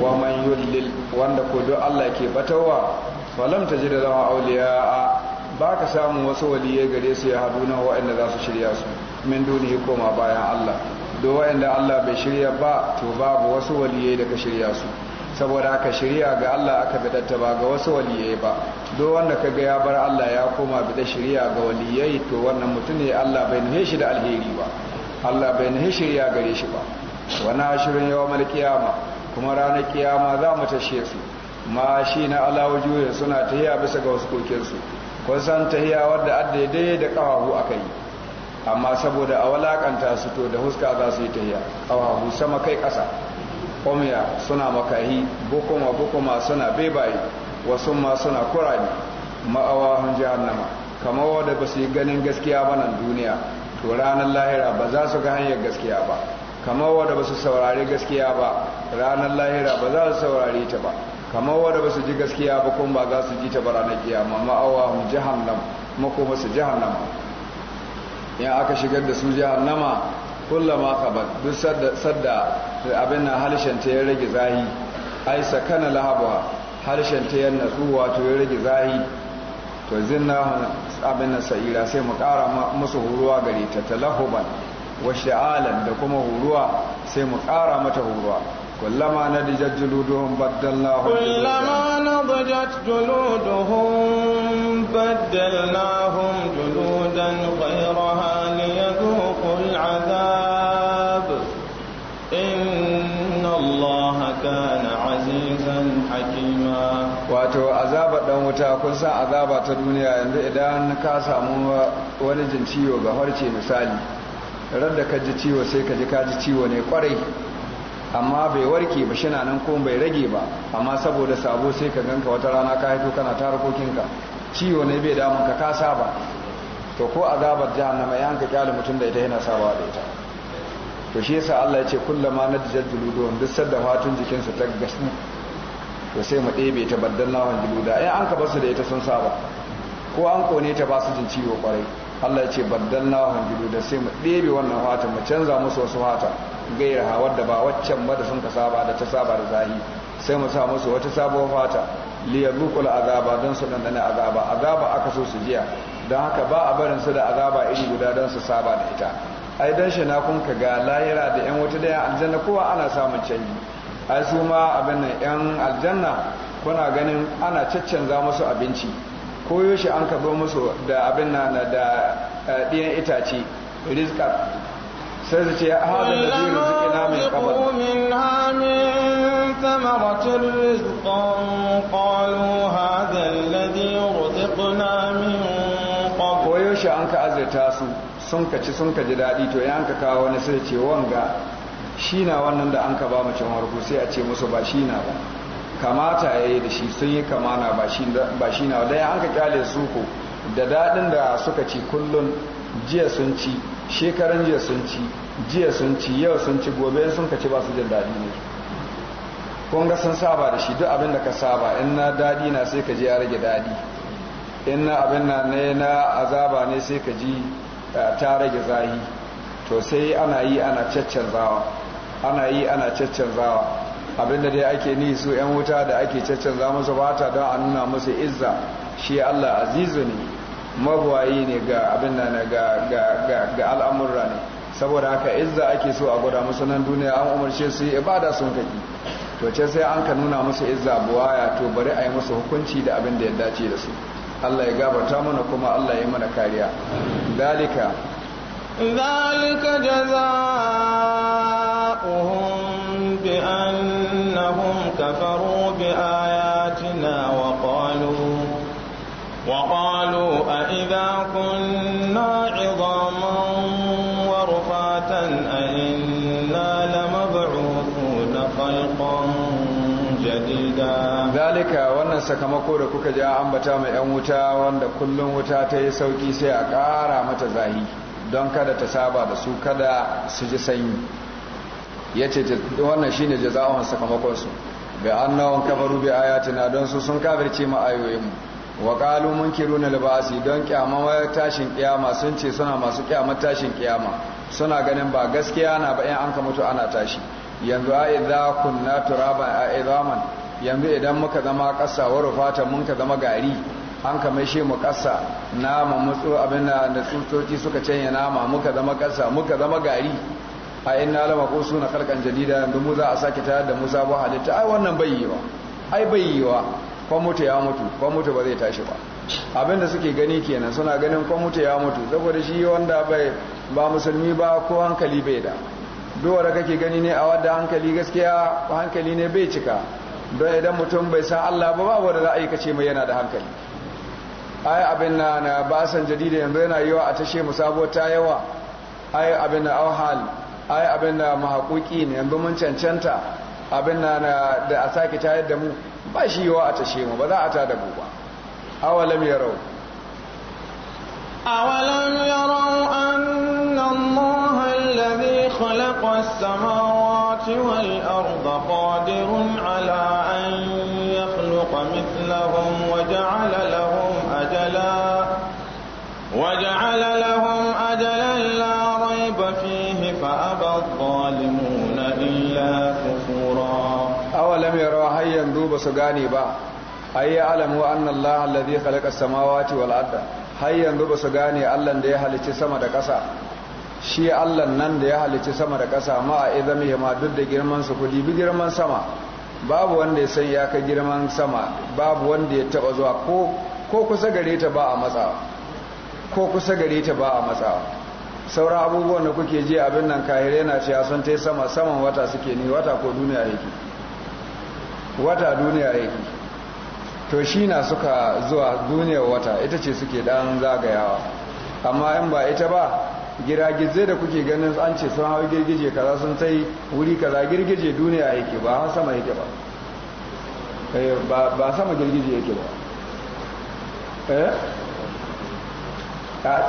wa man yulil wanda ko do Allah ke batawa falam tajid lahu awliya ba ka samu wasu waliye gare su ya haduna wa'anda za su shirya su min duniya koma bayan Allah da wa'anda Allah bai shirya ba to babu wasu waliyai da ka shirya su saboda haka shirya ga Allah aka bidatta ba ga wasu waliyai ba do wanda ka ga ya bar Allah ya koma bida shirya ga waliyai to wannan mutum ne Allah bai nuhe shi da alheri ba Allah bai nuhe shirya gare shi ba wani ashirin yawmal kiyama kuma ranar kiyama za mu tashe su ma shi na alawajuyin suna tahiya bisa ga wasu kokinsu kun san tahiya wadda adda daidai da kafafu aka yi amma saboda a walakanta su to da huska za su yi ta tahiya kawahu sama kai ƙasa omiya suna makahi bukuma bukuma suna bebaye wasu ma suna kurani ma'awahun jahannama kamar wadda ba su yi ganin gaskiya ba nan duniya to ranar lahira ba za su ga hanyar gaskiya ba kamar wadda ba su saurari gaskiya ba ranar lahira ba za su saurari ta ba kamar wadda ba su ji gaskiya ba kuma ba za su ji ta ba ranar kiyama ma'awahun jahannama makoma su jahannama in aka shigar da su jahannama kullama kabar duk sadda abin nan harshen ta ya rage zahi ai sakana lahabwa harshen ta ya natsu wato ya rage zahi to zinna abin nan sa'ira sai mu kara musu huruwa gare ta talahuban wa sha'alan da kuma huruwa sai mu kara mata huruwa كلما نضجت جلودهم بدلناهم كلما نضجت جلودهم بدلناهم جلودا غيرها ليذوقوا العذاب إن الله كان عزيزا حكيما wato azaba ɗan wuta kun san azaba ta duniya yanzu idan ka samu wani jin ciwo ga harce misali ran da ka ji ciwo sai kaji ciwo ne kwarai amma bai warke ba shi nan ko bai rage ba amma saboda sabo sai ka ganka wata rana ka haifo kana tarakokinka ciwo ne bai damun ka ka saba to ko azabar jahannama ya hanka kyale mutum da ita yana sabawa da ita to shi yasa Allah ya ce kullama nadjal juludun duk sadda fatun jikinsa ta to sai mu ɗebe ta baddan lawan juluda ai an ka basu da ita sun saba ko an kone ta ba su jin ciwo kwarai Allah ya ce baddan lawan juluda sai mu ɗebe wannan fatun mu canza musu wasu fata gairaha wadda ba waccan ba da sun ka saba da ta saba da zahi sai mu sa musu wata sabuwar fata liyazuqul azaba don su dandana azaba azaba aka so su jiya don haka ba a barin su da azaba iri guda don su saba da ita ai dan shi na kun ga lahira da yan wata daya aljanna kowa ana samun canji ai su ma abin nan yan aljanna kuna ganin ana caccanza musu abinci koyo shi an ka musu da abin nan da eh, ɗiyan itace rizqa sai su ce hada ah, naziru zikina sun ka ci sun ka ji daɗi to ya ka kawo wani sai ce wanga shi na wannan da an ka ba mace warku sai a ce musu ba shi na ba kamata ya yi da shi sun yi kamana ba shi na wadda ya an kyale su da daɗin da suka ci kullum jiya sun ci shekaran jiya sun ci jiya sun ci yau sun ci gobe sun ka ci ba su jin daɗi ne kun ga sun saba da shi duk abin da ka saba in na daɗi na sai ka ji ya rage daɗi in na abin na ne na azaba ne sai ka ji eh, ta rage zahi to sai ana yi ana caccanzawa ana yi ana caccanzawa abinda dai ake ni su yan wuta da ake caccanza musu bata don a nuna musu izza shi Allah azizu ne mabuwayi ne ga abin nan ga al'amurra ne saboda haka izza ake so a gwada musu nan duniya an umarce su yi ibada sun kaki to ce sai an ka nuna musu izza buwaya to bari a yi musu hukunci da abin da ya dace da su Allah ya gabata mana kuma Allah ya mana kariya dalika dalika jazaohum bi annahum kafaru bi ayatina wa qalu wa كنا عظاما ورفاتا أئنا لمبعوثون خلقا جديدا wannan sakamako da kuka ji ambata mai yan wuta wanda kullum wuta ta yi sauki sai a kara mata zahi don kada ta saba da su kada su ji sanyi ya ce wannan shi ne jaza'on sakamakonsu bai annawan kafaru bai ayatina don su sun kafirce ma'ayoyinmu wa qalu na libasi don wa tashin ƙyama sun ce suna masu ƙyama tashin ƙyama suna ganin ba gaskiya na ba in an ka mutu ana tashi yanzu a idza kunna turaban a idaman yanzu idan muka zama ƙasa wa rufata mun ka zama gari an ka mai mu ƙasa nama mutsu abin da tsutsotsi suka canya nama muka zama ƙasa muka zama gari a ina lama ko suna kalkan jadida yanzu mu za a sake tayar da mu sabon halitta ai wannan bai wa ai bai wa. kwan mutu ya mutu kwan mutu ba zai tashi ba abinda suke gani kenan suna ganin kwan mutu ya mutu saboda shi wanda bai ba musulmi ba ko hankali bai da da kake gani ne a wadda hankali gaskiya hankali ne bai cika don idan mutum bai san Allah ba babu da za a yi kace mai yana da hankali ai abin na na basan jadida yanzu yana yawa a tashe mu sabuwar ta yawa ai abin na auhal ai abin na mahaƙuƙi ne yanzu mun cancanta abin na da a sake tayar da mu ba shi yiwa a tashe mu ba za a tada mu ba awalam yarau awalam yarau anna Allah alladhi khalaqa as-samawati wal arda qadirun ala an yakhluqa mithlahum wa ja'ala lahum ajala wa ja'ala lahum ba su gane ba ai ya alamu anna Allah allazi khalaqa samawati wal arda har yanzu ba su gane Allah da ya halicci sama da ƙasa shi Allah nan da ya halicci sama da ƙasa ma a izami ma duk da girman su kudi bi girman sama babu wanda ya san ya ka girman sama babu wanda ya taba zuwa ko ko kusa gare ta ba a matsawa ko kusa gare ta ba a matsawa sauran abubuwan da kuke ji abin nan kahire na cewa sun tai sama saman wata suke ni wata ko duniya yake wata duniya yi to shi na suka zuwa duniyar wata ita ce suke dan zagayawa amma in ba ita ba giragizai da kuke ganin an ce sun hau girgije kaza sun tai wuri kaza girgije duniya yake ba har sama yake ba eh, ba sama girgije yake ba eh? a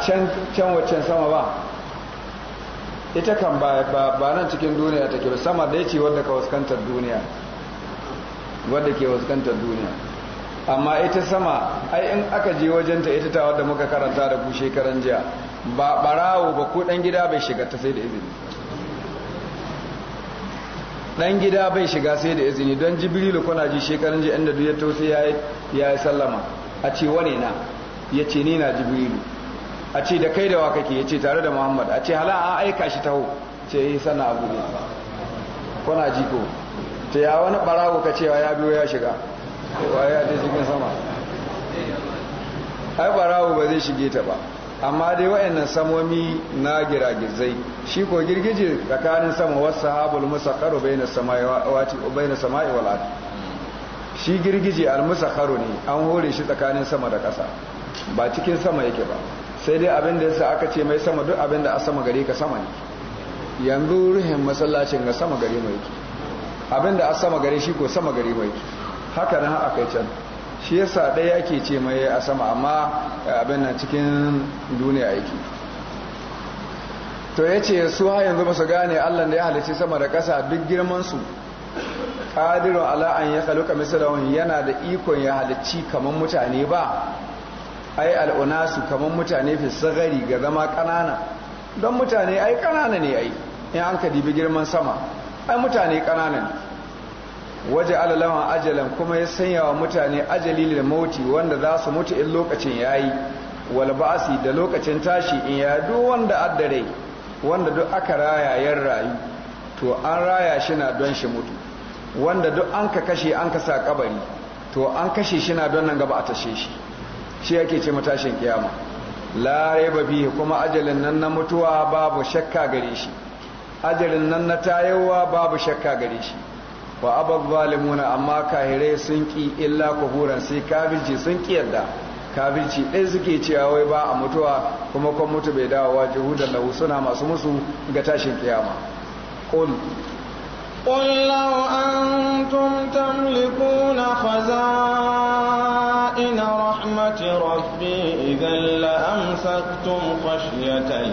can waccan sama ba ita kan ba nan cikin duniya take ba sama da ce wanda ka waskantar duniya wadda ke waskantar duniya amma ita sama ai in aka je wajenta ita ta wadda muka karanta da ku shekaran jiya ba barawo ba ko dan gida bai shiga ta sai da izini dan gida bai shiga sai da izini don jibrilu kuna ji shekaran jiya inda duniya ya tausi ya yi sallama a ce wane na ya ce ni na jibrilu a ce da kai da wa kake ya ce tare da muhammad a ce hala an aika shi taho ce yi eh, sana abu ne kuna ji ko ta ya wani barawo ka cewa ya biyo ya shiga waye ya cikin sama ai barawo ba zai shige ta ba amma dai wa'annan samomi na giragizai shi ko girgije tsakanin sama wasu sahabul karo bai na sama'i wal shi girgije al-musa karo ne an hore shi tsakanin sama da ƙasa ba cikin sama yake ba sai dai abin da yasa aka ce mai sama duk abin da a sama gare ka sama ne yanzu ruhin masallacin ga sama gare mai yake abinda a sama gare shi ko sama gare mai haka nan aka can shi yasa ɗaya yake ce mai a sama amma eh, abin nan cikin duniya yake to ya ce su ha yanzu ba gane allah da ya halice sama da ƙasa duk girmansu ƙadirin ala'an ya kaluka misalawun yana da ikon ya halici kamar mutane ba ai al'una su kamar mutane fi sagari ga zama ƙanana don mutane ai ƙanana ne ai in an ka dibi girman sama ai mutane ƙananan waje alalawan ajalan kuma ya sanya wa mutane ajali da mauti wanda za su mutu in lokacin ya yi walba'asi da lokacin tashi in ya duk wanda addare wanda duk aka raya yan rayu to an raya shi na don shi mutu wanda duk an ka kashe an ka sa kabari to an kashe shi na don nan gaba a tashe shi shi yake ce matashin kiyama la raiba bihi kuma ajalin nan na mutuwa babu shakka gare shi ajarin nan na tayowa babu shakka gare shi wa abab zalimuna amma kahirai sun ki illa kuhuran sai kafirci sun ki yadda kafirci ɗaya suke cewa wai ba a mutuwa kuma kwan mutu bai dawowa da lahu suna masu musu ga tashin kiyama qul قل لو antum tamlikuna khaza'ina رحمة rabbi إذا لأمسكتم khashyatan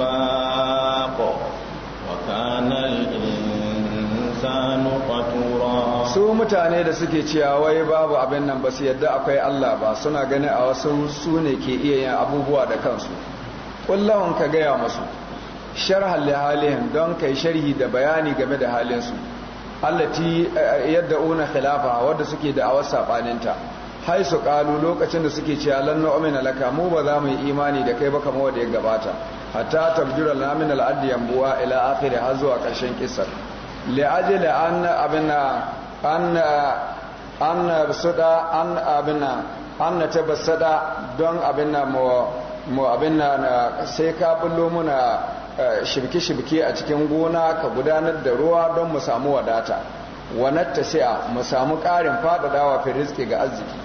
وكان الإنسان قتورا su mutane da suke cewa wai babu abin nan ba su yadda akwai Allah ba suna gani a wasu su ne ke iya yin abubuwa da kansu kullahun ka gaya musu sharhan halihin don kai sharhi da bayani game da halinsu allati eh, yadda una khilafa wadda suke da awar sabaninta hai su kalu lokacin da suke cewa lan nu'mina laka mu ba za mu yi imani da kai ba kamar wanda ya gabata hatta tabjura lamin al'addi yambuwa ila akhiri har zuwa ƙarshen kisar li'ajili an abina an an suda an abina an na tabbasada don abina mu abina sai ka bullo muna eh, shirki-shirki a cikin gona ka gudanar da ruwa don mu samu wadata Wanatta ta sai mu samu ƙarin faɗaɗawa fi rizki ga arziki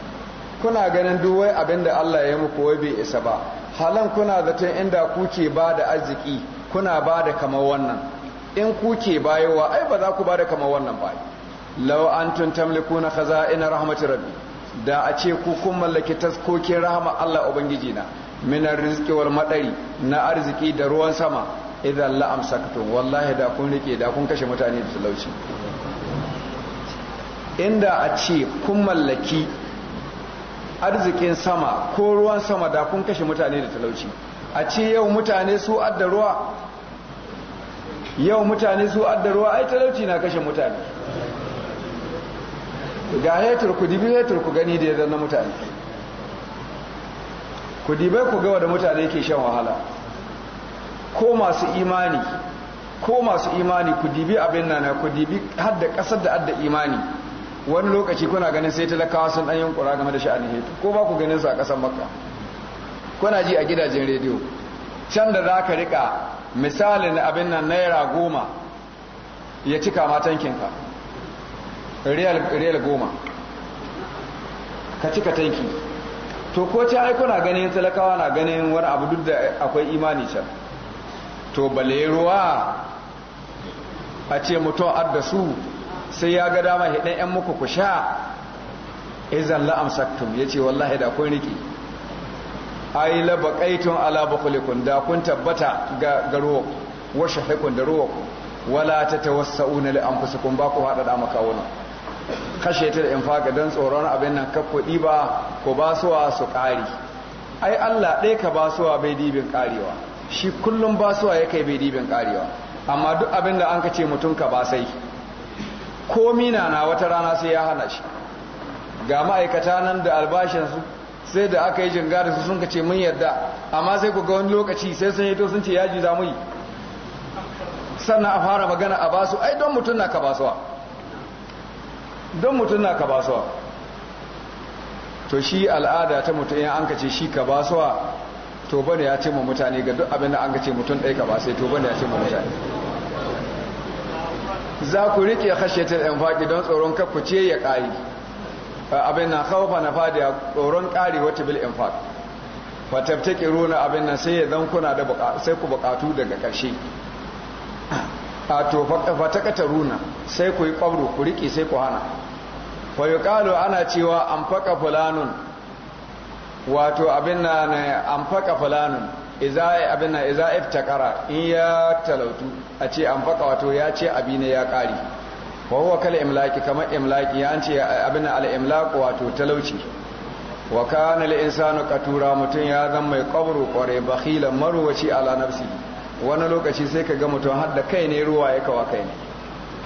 kuna ganin duwai abin da Allah ya muku wai bai isa ba halan kuna zaton inda kuke ba da arziki kuna ba da kamar wannan in kuke bayowa ai ba za ku ba da kamar wannan ba lau antum tamlikuna khaza'ina rahmatir rabbi da a ce ku kun mallaki taskokin rahama Allah ubangiji na min arziki wal madari na arziki da ruwan sama idan la amsaktum wallahi da kun rike da kun kashe mutane da talauci inda a ce kun mallaki arzikin sama ko ruwan sama da kun kashe mutane da talauci a ce yau mutane su adda ruwa yau mutane su adda ruwa ai talauci na kashe mutane ga hetur ku dibi hetur ku gani da yadda mutane ku dibai ku gawa da mutane ke shan wahala ko masu imani ko masu imani ku dibi abin nan ku dibi har da kasar da adda imani wani lokaci kuna ganin sai talakawa sun ɗan yunkura game da sha'anin hetu ko ba ku ganin su a ƙasar makka kuna ji a gidajen rediyo can da za ka riƙa misalin abin nan naira goma ya cika matankinka riyal goma ka cika tanki to ko ce ai kuna ganin talakawa na ganin wani abu duk da akwai imani can to bale ruwa a ce mutum adda sai ya ga dama hidan yan muku ku sha izan la amsaktum yace wallahi da kun riki ai la baqaitum ala bukhlikum da kun tabbata ga garo wa shahikum da ruwa wala tatawassauna li anfusikum ba ku hada da makawuna kashe ta da infaka dan tsoron abin nan kuɗi ba ko basuwa su kari ai Allah dai ka basuwa bai dibin karewa shi kullum basuwa ya yake bai dibin karewa amma duk abin da an ka ce mutum ka ba sai ko mina na wata rana sai ya hana shi ga ma'aikata nan da albashinsu sai da aka yi jinga da su sun kace mun yarda amma sai ku ga wani lokaci sai sun yi to sun ce yaji za mu yi sannan a fara magana a ba su ai don mutum na ka basuwa don mutum na ka basuwa to shi al'ada ta mutum ya an kace shi ka basuwa to bane ya ce mu mutane ga duk abin da an kace mutum ɗaya ka ba sai to bane ya ce mu mutane za ku rike yan faɗi don tsoron kafu ce ya ƙari abin na khawfa na faɗi a tsoron ƙari wata bil infaq fa runa abin nan sai zan kuna da sai ku buƙatu daga ƙarshe. a to fa runa. sai ku yi kwabro ku rike sai ku hana fa ƙalo ana cewa an faqa fulanun wato abin na an faqa fulanun iza abin nan in ya talautu a ce an faka wato ya ce abi ne ya kari wa huwa kal imlaki kama imlaki ya ce abin al imlaq wato talauci wa kana al insanu qatura mutun ya zan mai qabru qore bakhilan marwaci ala nafsi wani lokaci sai ka ga mutum hadda kai ne ruwa ya kawa kai ne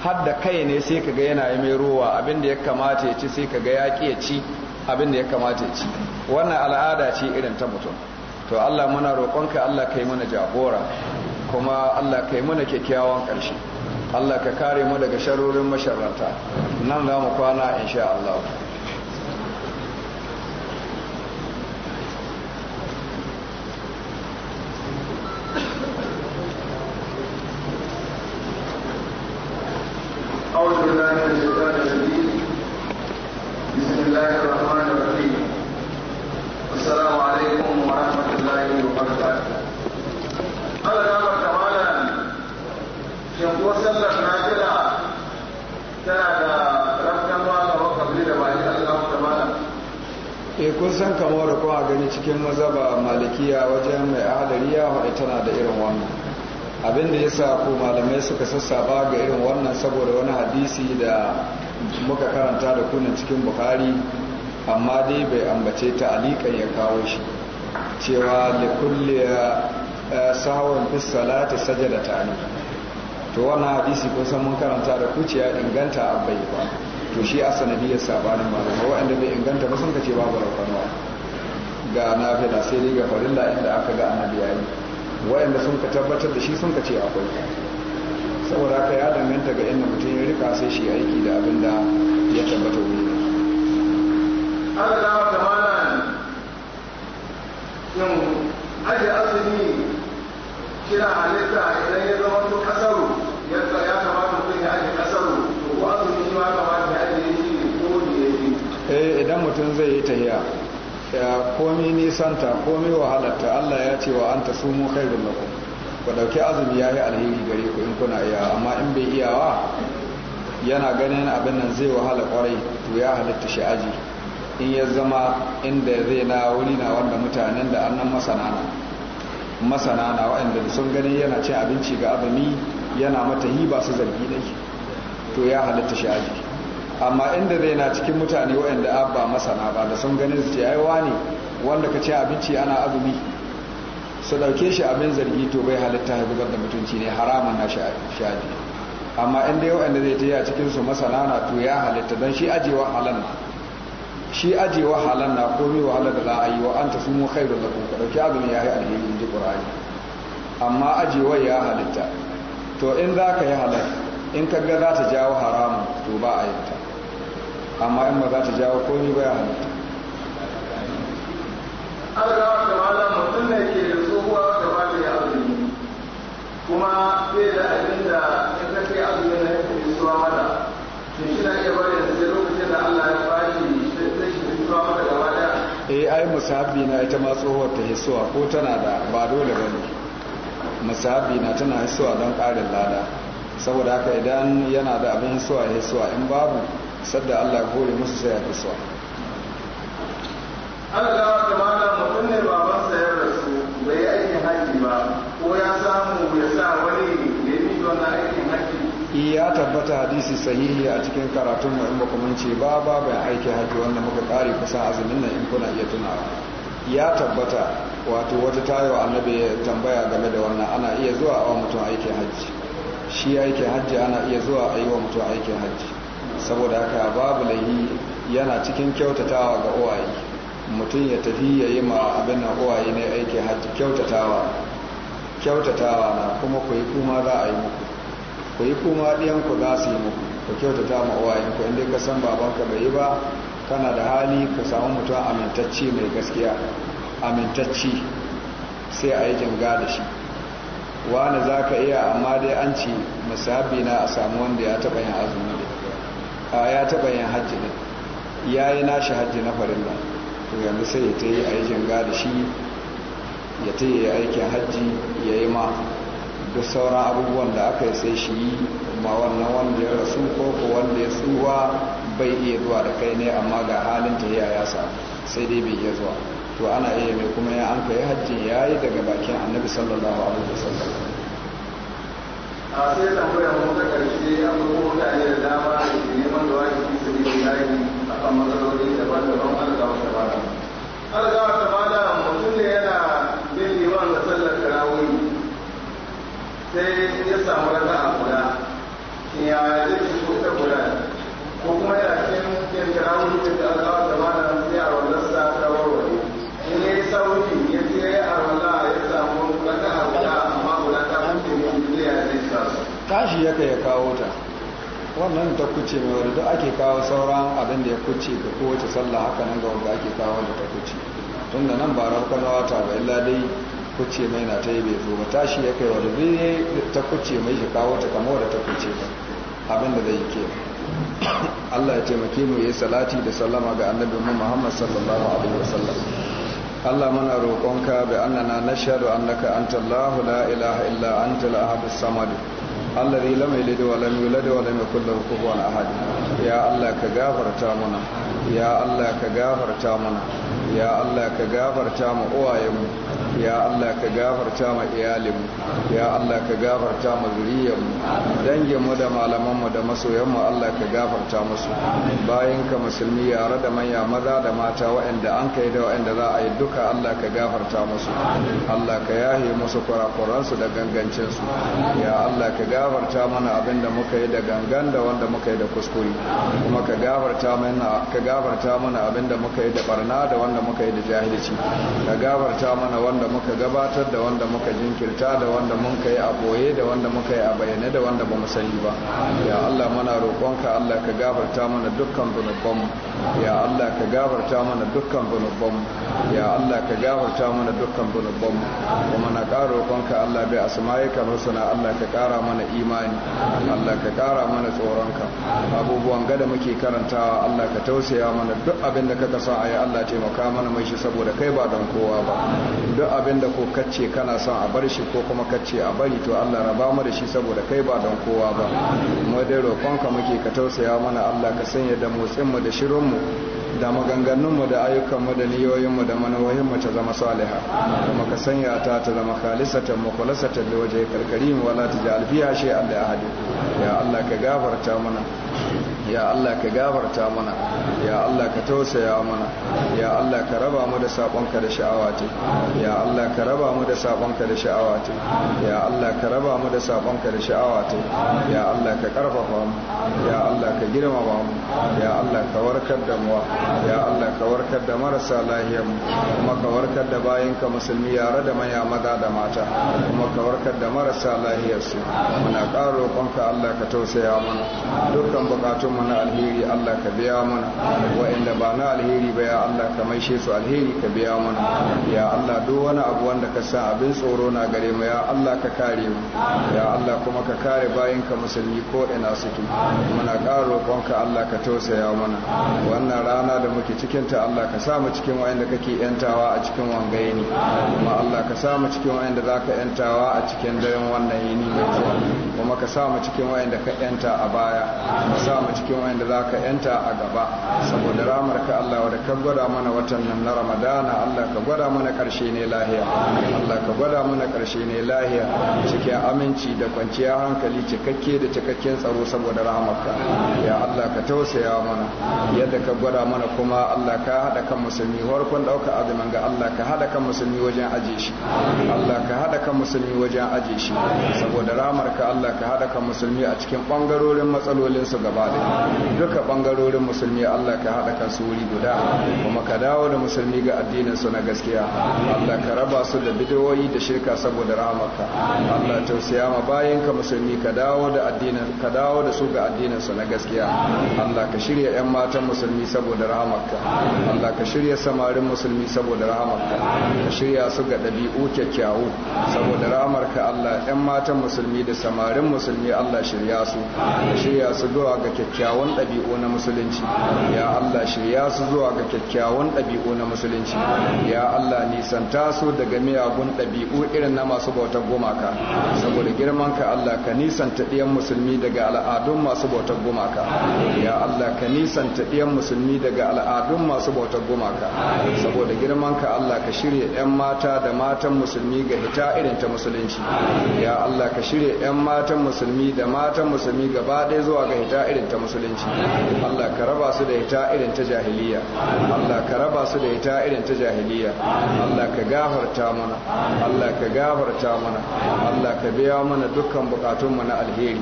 hadda kai ne sai ka ga yana mai ruwa abin da ya kamata ya ci sai ka ga ya ki ya ci abin da ya kamata ya ci wannan al'ada ce irin ta mutum to Allah muna roƙonka Allah kai mana jagora kuma Allah kai mana kyakkyawan ƙarshe Allah ka kare mu daga sharorin masharanta nan za mu kwana insha Allah أعوذ بالله من الشيطان الرجيم بسم الله الرحمن e kun san kamar da kowa gani cikin mazaba malikiya wajen mai adariya wadda tana da irin wannan abin da ya sa ku malamai suka sassaba ga irin wannan saboda wani hadisi da muka karanta da kuna cikin buhari amma dai bai ambace ta alikan ya kawo shi cewa kulle eh, sahawar fi salati sajada ta alikan to wannan hadisi ko san mun karanta da kuciya inganta a bai ba to shi a sanadiyar sabanin malama waɗanda bai inganta ba sun ka ce babu rafanwa ga da sai riga ga farilla inda aka ga annabi yi wa'anda sun ka tabbatar da shi sun ka ce akwai saboda haka ya danganta ga inda mutum ya rika sai shi aiki da abin da ya tabbata wuri Allah ta malan yin aje asali na halitta idan ya zama to kasaru yadda mutum shi eh, idan mutum zai yi tahiya komi nisanta komi wahalarta Allah ya ce wa su mu kai lakum ku dauki azumi ya yi alheri gare ku in kuna iya amma in bai iyawa yana ganin abin nan zai wahala kwarai to ya halitta shi aji in ya zama inda zai na wuri na wanda mutanen da annan masana na masana waɗanda sun gani yana cin abinci ga azumi yana mata hiba su zargi dai to ya halatta shi aji amma inda zai na cikin mutane wa'anda abba masana ba da sun ganin su ce ai ne. wanda ka ce abinci ana azumi su dauke shi abin zargi to bai halitta ya bugar da mutunci ne haramun na shaji amma inda yau inda zai tiya cikin su masana na to ya halitta don shi ajewa halan na shi ajewa halan na komi wahala da za a yi wa an ta sumo kai da zakon ka dauki abin ya yi alheri in ji ƙur'ani amma ajewa ya halitta to in za ka yi halal in ka ga za ta jawo haramu to ba a yi ta amma in ba za ta jawo komi ba ya halatta Allah da malam mutum ne ke da tsohuwa da malam ya azumi kuma bai da abin da in ka kai azumi na yake nisuwa mata to shi na iya bari da sai lokacin da Allah ya bashi sai shi nisuwa mata gaba daya eh ai musabbi na ita ma tsohuwar ta hisuwa ko tana da ba dole bane musabi na tana hisuwa don ƙarin lada saboda haka idan yana da abin hisuwa ya hisuwa in babu sadda Allah ya hore musu sai ya hisuwa Allah ta mana mutum ne baban sayar da su bai yi aikin haji ba ko ya samu ya sa wani ne yi wannan aikin haji ya tabbata hadisi sahihi a cikin karatun mu in ba kuma ce ba ba bai aiki haji wanda muka kare kusan azumin nan in kuna iya tunawa ya tabbata wato wata tayo annabi tambaya game da wannan ana iya zuwa a mutum aikin hajji shi aikin hajji ana iya zuwa a yi wa mutum aikin hajji saboda haka babu lahi yana cikin kyautatawa ga uwaye mutum ya tafi ya yi ma abin nan uwaye ne aikin hajji kyautatawa kyautatawa na kuma ku yi kuma za a yi muku ku yi kuma ɗiyanku za su yi muku ku kyautata ma ku inda ka san babanka bai yi ba kana da hali ka samu mutum amintacci mai gaskiya amintacci sai a yi janga da shi wani za ka iya amma dai an ci musabi na a samu wanda ya taɓa yin azumi ne a ya taɓa yin hajji ne ya yi nashi hajji na farilla to yanzu sai ya ta yi a yi janga da shi ya ta yi aikin hajji ya yi ma duk sauran abubuwan da aka yi sai shi yi ma wannan wanda ya rasu ko ko wanda ya tsuwa bai iya zuwa da kai ne amma ga halin ta ya samu sai dai bai iya zuwa to ana iya mai kuma ya an yi hajji ya yi daga bakin annabi sallallahu alaihi wasallam a sai tambaya mu ta karshe abubuwan mutane da dama da neman da wajibi su ne a kan matsaloli daban-daban alƙawar da ba shi yaka ya kawo ta wannan ta kuce mai wadda duk ake kawo sauran abin da ya kuce ga kowace sallah haka nan ga wanda ake kawo da ta kuce tun da nan ba raukar wata ba illa dai kuce mai na ta yi bai zo ba tashi ya kai wadda duk ta kuce mai shi kawo ta kamar wadda ta kuce ba abin da zai yi ke Allah ya taimake mu yi salati da sallama ga annabi mu Muhammad sallallahu alaihi wasallam Allah muna roƙonka bi annana nashhadu annaka antallahu la ilaha illa antal ahadus samad alladhi lam yalid wa lam yulad wa wala yakul kullum kufuwan ahad ya Allah ka gafarta mana ya Allah ka gafarta mana ya Allah ka gafarta mu uwayenmu ya Allah ka gafarta ma iyalinmu ya Allah ka gafarta ma zuriyarmu danginmu da malamanmu da masoyanmu Allah ka gafarta musu bayan ka musulmi yare da manya maza da mata waɗanda an kai da waɗanda za a yi duka Allah ka gafarta musu Allah ka yahe musu kurakuransu da gangancinsu ya Allah ka gafarta mana abin da muka yi da gangan da wanda muka yi da kuskure kuma ka gafarta mana ka gafarta mana abin da muka yi da barna da wanda muka yi da jahilci ka gafarta mana wanda wanda muka gabatar da wanda muka jinkirta da wanda mun kai a boye da wanda muka yi a bayyane da wanda ba mu sani ba ya Allah muna roƙonka Allah ka gafarta mana dukkan zunubanmu ya Allah ka gafarta mana dukkan zunuban ya Allah ka gafarta mana dukkan zunuban kuma na karo kanka Allah bai asma'ika na Allah ka kara mana imani Allah ka kara mana tsoronka abubuwan gada muke karantawa Allah ka tausaya mana duk abin da kaka sa ayi Allah taimaka mana mai shi saboda kai ba don kowa ba duk abin da ko kace kana son a bar shi ko kuma kace a bari to Allah raba mu da shi saboda kai ba don kowa ba mu dai roƙonka muke ka tausaya mana Allah ka sanya da motsin mu da shirin mu da mu da mu da mu da mu ta zama saliha kuma ka sanya ta ta zama khalisatan mukhlasatan li wajhi karkarim wala taj'al fiha shay'an li ahadin ya Allah ka gafarta mana ya Allah ka gafarta mana ya Allah ka tausaya mana ya Allah ka raba mu da sabonka da sha'awati ya Allah ka raba mu da sabonka da sha'awati ya Allah ka raba mu da sabonka da sha'awati ya Allah ka karfafa mu ya Allah ka girmama mu ya Allah ka warkar da mu ya Allah ka warkar da marasa lahiyar mu kuma ka warkar da ka musulmi yare da manya maza da mata kuma ka warkar da marasa lahiyar su muna ƙara roƙonka Allah ka tausaya mana dukkan bukatun bukatunmu na alheri Allah ka biya mana wa'inda ba na alheri ba ya Allah ka maishe su alheri ka biya mana ya Allah duk wani abu wanda ka sa abin tsoro na gare mu ya Allah ka kare mu ya Allah kuma ka kare ka musulmi ko ina suke muna ƙara roƙonka Allah ka tausaya mana wannan rana da muke cikin ta Allah ka sa mu cikin wa'inda kake yantawa a cikin ne kuma Allah ka sa mu cikin wa'inda zaka yantawa a cikin daren wannan yini mai kuma ka sa mu cikin wa'inda ka yanta a baya ka sa mu cikin wanda za ka yanta a gaba saboda ramar ka Allah wadda ka gwada mana watan nan na ramadana Allah ka gwada mana karshe ne lahiya Allah ka gwada mana karshe ne lahiya cikin aminci da kwanciya hankali cikakke da cikakken tsaro saboda ramar ka ya Allah ka tausaya mana yadda ka gwada mana kuma Allah ka haɗa kan musulmi farkon dauka azumin ga Allah ka haɗa kan musulmi wajen aje shi Allah ka haɗa kan musulmi wajen aje shi saboda ramar ka Allah ka haɗa kan musulmi a cikin ɓangarorin matsalolinsu gaba daya duka bangarorin musulmi Allah ka haɗa su wuri guda kuma ka dawo da musulmi ga addinin su na gaskiya Allah ka raba su da bidiyoyi da shirka saboda rahamarka Allah tausaya ma bayan ka musulmi ka dawo da addinin ka dawo da su ga addinin su na gaskiya Allah ka shirya ƴan matan musulmi saboda rahamarka Allah ka shirya samarin musulmi saboda rahamarka ka shirya su ga ɗabi'u kyakkyawu saboda rahamarka Allah ƴan matan musulmi da samarin musulmi Allah shirya su ka shirya su zuwa ga kyakkyawu kyakkyawan ɗabi'u na musulunci ya Allah shirya su zuwa ga kyakkyawan ɗabi'u na musulunci ya Allah nisanta su daga miyagun ɗabi'u irin na masu bautar gumaka saboda girman ka Allah ka nisanta ɗiyan musulmi daga al'adun masu bautar gumaka ya Allah ka nisanta ɗiyan musulmi daga al'adun masu bautar gumaka saboda girman ka Allah ka shirya ƴan mata da matan musulmi ga hita irin ta musulunci ya Allah ka shirya ƴan matan musulmi da matan musulmi gaba ɗaya zuwa ga hita irin ta musulunci musulunci Allah ka raba su da ita irin ta jahiliya Allah ka raba su da ita irin ta jahiliya Allah ka gafarta mana Allah ka gafarta mana Allah ka biya mana dukkan bukatunmu na alheri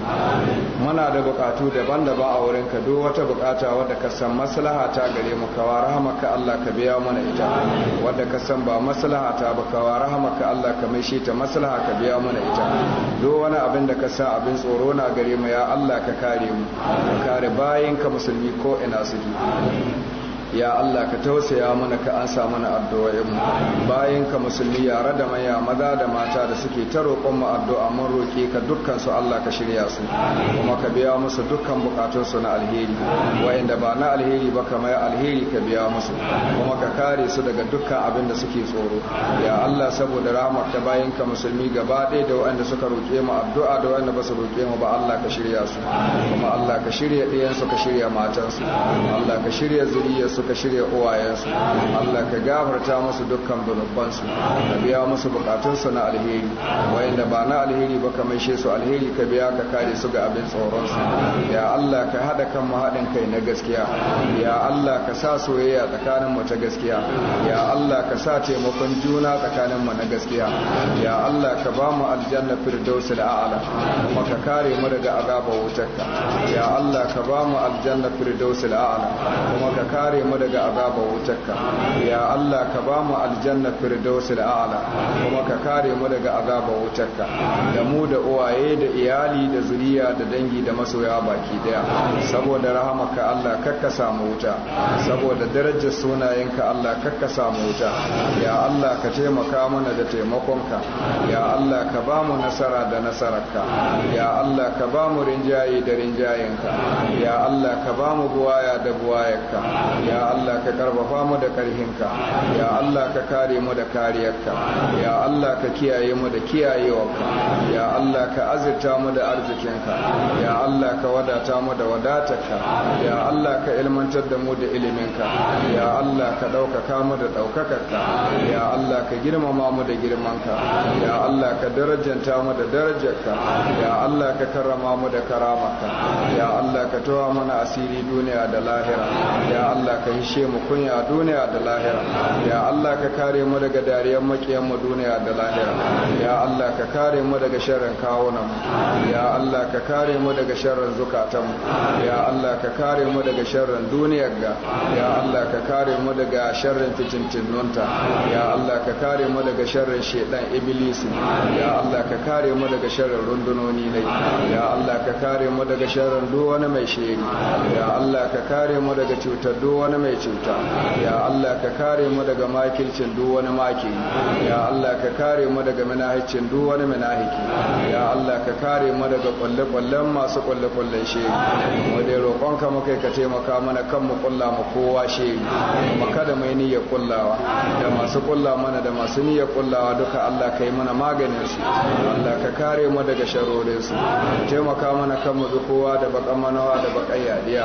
muna da bukatu daban-daban a wurin ka duk wata bukata wadda ka san maslaha ta gare mu ka warhamaka Allah ka biya mana ita wadda ka san ba maslaha ta ba ka warhamaka Allah ka mai shi ta maslaha ka biya mana ita duk wani abin da ka sa abin tsoro na gare mu ya Allah ka kare mu ka bayan ka musulmi ko ina suke ya Allah ka tausaya mana ka ansa mana addu'o'inmu bayan ka musulmi yare da maya maza da mata da suke ta roƙon mu addu'a mun roke ka dukkan su Allah ka shirya su kuma ka biya musu dukkan bukatun su na alheri wayanda ba na alheri ba kamar alheri ka biya musu kuma ka kare su daga dukkan abin da suke tsoro ya Allah saboda rahmar ka bayan ka musulmi gaba ɗaya da wa'anda suka roƙe mu addu'a da wa'anda ba su roƙe mu ba Allah ka shirya su kuma Allah ka shirya ɗayan su ka shirya matansu Allah ka shirya su suka shirya uwayensu Allah ka gafarta musu dukkan zunubansu ka biya musu bukatunsu na alheri wayanda ba na alheri ba ka maishe su alheri ka biya ka kare su ga abin tsoronsu ya Allah ka hada kan mu hadin kai na gaskiya ya Allah ka sa soyayya tsakanin mu ta gaskiya ya Allah ka sa taimakon juna tsakanin mu na gaskiya ya Allah ka ba mu aljanna firdausul a'ala kuma ka kare mu daga azabar wutarka ya Allah ka ba mu aljanna firdausul a'ala kuma ka kare mu mu daga azabar wutarka ya Allah ka ba mu aljanna firdausul a'la kuma ka kare mu daga azabar wutarka da mu da uwaye da iyali da zuriya da dangi da masoya baki daya saboda rahamaka Allah kakka samu wuta saboda darajar sunayenka Allah kakka samu wuta ya Allah ka taimaka mana da taimakonka ya Allah ka ba mu nasara da nasararka ya Allah ka ba mu rinjaye da rinjayenka ya Allah ka ba mu buwaya da buwayarka ya Allah ka karfafa mu da karhinka ya Allah ka kare mu da kariyarka ya Allah ka kiyaye mu da kiyayewarka ya Allah ka azirta mu da arzikinka ya Allah ka wadata mu da wadatarka ya Allah ka ilmantar da mu da iliminka ya Allah ka ɗaukaka mu da ɗaukakarka ya Allah ka girmama mu da girmanka ya Allah ka darajanta mu da darajarka ya Allah ka karrama mu da karamarka ya Allah ka tawa mana asiri duniya da lahira ya Allah ka hishe mu kunya a duniya da lahira ya Allah ka kare mu daga dariyar makiyan mu duniya da lahira ya Allah ka kare mu daga sharrin kawunan ya Allah ka kare mu daga sharrin zukatan ya Allah ka kare mu daga sharrin duniyar ga ya Allah ka kare mu daga sharrin fitintinunta ya Allah ka kare mu daga sharrin shedan iblisi ya Allah ka kare mu daga sharrin rundunoni ne ya Allah ka kare mu daga sharrin duk wani mai shiri ya Allah ka kare mu daga cutar duk wani mai cuta ya Allah ka kare mu daga makircin duk wani maki ya Allah ka kare mu daga minahicin duk wani minahiki ya Allah ka kare mu daga kullu kwallen masu kullu kwallen she mu dai roƙonka mu kai ka taimaka mana kan mu kulla mu kowa she mu kada mai niyya kullawa da masu kulla mana da masu niyya kullawa duka Allah ka yi mana maganin su Allah ka kare mu daga sharorin su taimaka mana kan mu kowa da bakan manawa da bakan yadiya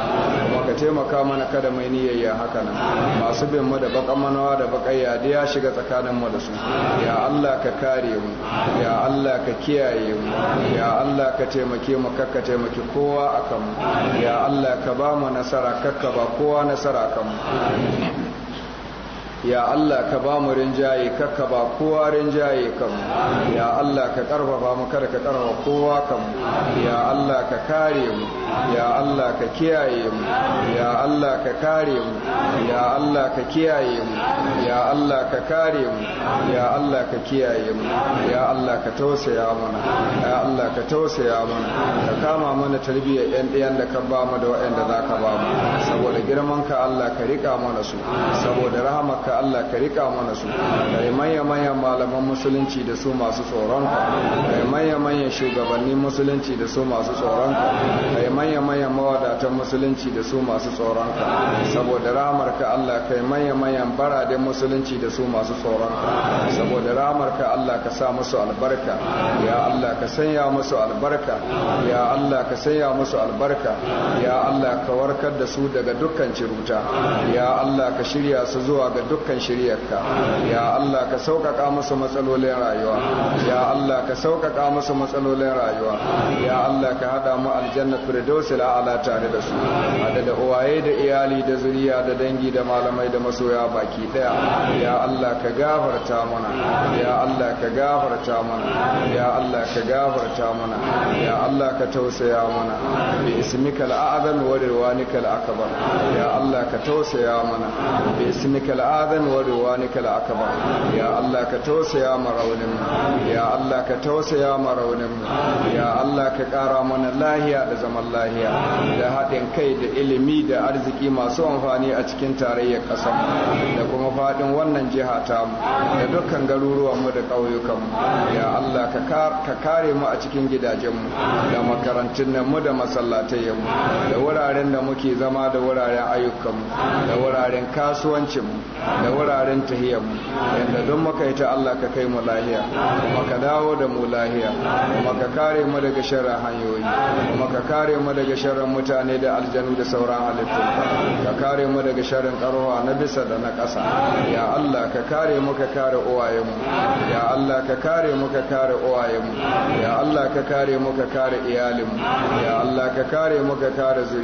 kuma ka taimaka mana kada mai niyya ya haka nan masu bin mu da bakan manawa da bakan yadi ya shiga tsakanin mu da su ya Allah ka kare mu ya Allah ka kiyaye mu ya Allah ka taimake mu kakka taimake kowa akan mu ya Allah ka ba mu nasara kakka ba kowa nasara akan mu ya Allah ka ba mu rinjaye ka ba kowa rinjaye kan ya Allah ka karfafa mu kada ka karfa kowa kan ya Allah ka kare mu ya Allah ka kiyaye mu ya Allah ka kare mu ya Allah ka kiyaye mu ya Allah ka kare mu ya Allah ka kiyaye mu ya Allah ka tausaya mana ya Allah ka tausaya mana ka kama mana tarbiyyar yan ɗayan da ka ba mu da waɗanda za ka ba mu saboda girman ka Allah ka rika mana su saboda ka. albarka Allah ka rika mana su kai manya manya malaman musulunci da su masu tsoron ka kai manya manya shugabannin musulunci da su masu tsoron ka kai manya manya mawadatan musulunci da su masu tsoron ka saboda ramar ka Allah kai manya manya baraden musulunci da su masu tsoron ka saboda ramar ka Allah ka sa musu albarka ya Allah ka sanya musu albarka ya Allah ka sanya musu albarka ya Allah ka warkar da su daga dukkan ciruta ya Allah ka shirya su zuwa ga dukkan dukkan shiryarka ya Allah ka sauƙaƙa musu matsalolin rayuwa ya Allah ka sauƙaƙa musu matsalolin rayuwa ya Allah ka haɗa mu aljanna firdausil a'la tare da su hada da uwaye da iyali da zuriya da dangi da malamai da masoya baki daya ya Allah ka gafarta mana ya Allah ka gafarta mana ya Allah ka gafarta mana ya Allah ka tausaya mana bi ismikal a'zam wa ridwanikal akbar ya Allah ka tausaya mana bi ismikal a'zam adan wa ruwanika al'akbar ya Allah ka tausaya ma raunin mu ya Allah ka tausaya ma raunin mu ya Allah ka kara mana lahiya da zaman lahiya da haɗin kai da ilimi da arziki masu amfani a cikin tarayyar kasar da kuma faɗin wannan jiha ta mu da dukkan garuruwan mu da ƙauyukan mu ya Allah ka kare mu a cikin gidajen mu da makarantun mu da masallatai mu da wuraren da muke zama da wuraren ayyukan mu da wuraren kasuwancin mu da wuraren tahiyyarmu yadda don muka yi ta Allah ka kai mu lahiya kuma ka dawo da mu lahiya kuma ka kare mu daga sharrin hanyoyi kuma ka kare mu daga sharrin mutane da aljanu da sauran halittu ka kare mu daga sharrin karuwa na bisa da na ƙasa ya Allah ka kare mu ka kare mu ya Allah ka kare mu ka kare mu ya Allah ka kare mu ka kare iyalinmu ya Allah ka kare mu ka kare mu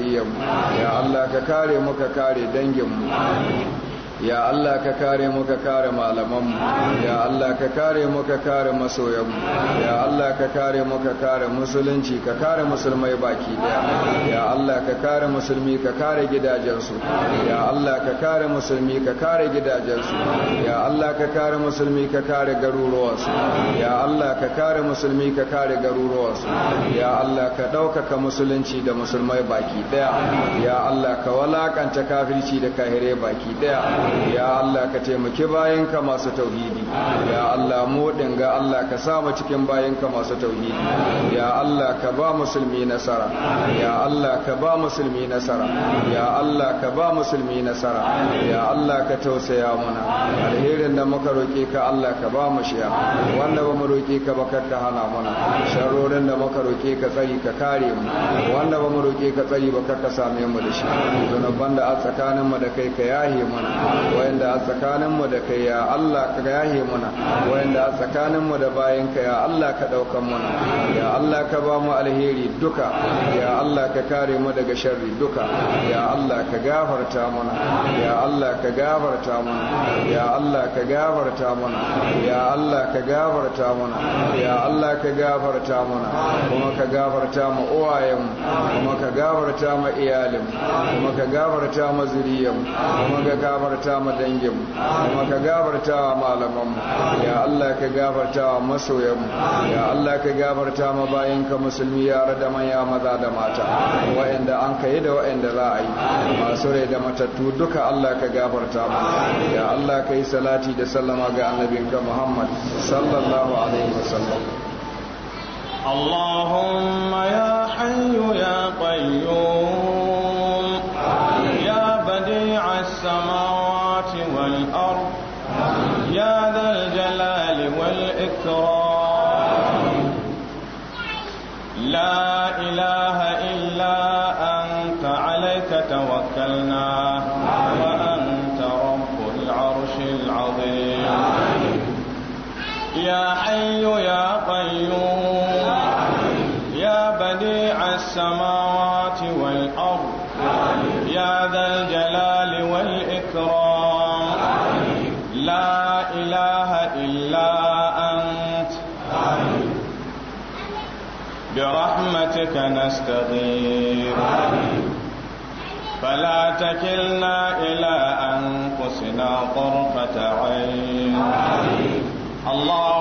ya Allah ka kare mu ka kare danginmu ya Allah ka kare mu ka kare malamanmu ya Allah ka kare mu ka kare masoyanmu ya Allah ka kare mu ka kare musulunci ka kare musulmai baki daya ya Allah ka kare musulmi ka kare gidajensu ya Allah ka kare musulmi ka kare gidajensu ya Allah ka kare musulmi ka kare garuruwansu ya Allah ka kare musulmi ka kare garuruwansu ya Allah ka daukaka musulunci da musulmai baki daya ya Allah ka walakanta kafirci da kahirai baki daya ya Allah ka bayan bayanka masu tauhidi ya Allah mu dinga Allah ka sa mu cikin bayanka masu tauhidi ya Allah ka ba musulmi nasara ya Allah ka ba musulmi nasara ya Allah ka ba musulmi nasara ya Allah ka tausaya mana alherin da muka roke ka Allah ka ba mu shiya wanda ba mu roke ka ba ka hana mana sharorin da muka roke ka tsari ka kare mu wanda ba mu roke ka tsari ba ka same mu da shi zunuban da a tsakanin mu da kai ka yahe mana wanda a tsakaninmu da kai ya Allah ka yahe muna wanda a tsakaninmu da bayan ka ya Allah ka daukan muna ya Allah ka ba mu alheri duka ya Allah ka kare mu daga sharri duka ya Allah ka gafarta muna ya Allah ka gafarta muna ya Allah ka gafarta muna ya Allah ka gafarta muna ya Allah ka gafarta muna kuma ka gafarta mu uwayenmu kuma ka gafarta mu iyalinmu kuma ka gafarta mu zuriyarmu kuma ka gafarta gafarta ma danginmu kuma ka gafarta wa malamanmu ya Allah ka gafarta wa masoyanmu ya Allah ka ma bayanka musulmi yara da manya maza da mata wa'anda an kai da wa'anda za a yi masu rai da matattu duka Allah ka gafarta mu ya Allah ka yi salati da sallama ga annabinka Muhammad sallallahu alaihi wasallam اللهم يا حي يا قيوم والأرض يا ذا الجلال والإكرام لا إله إلا أنت عليك توكلنا وأنت رب العرش العظيم يا حي يا قيوم يا بديع السماوات إليك نستغير فلا تكلنا إلى أنفسنا طرفة عين الله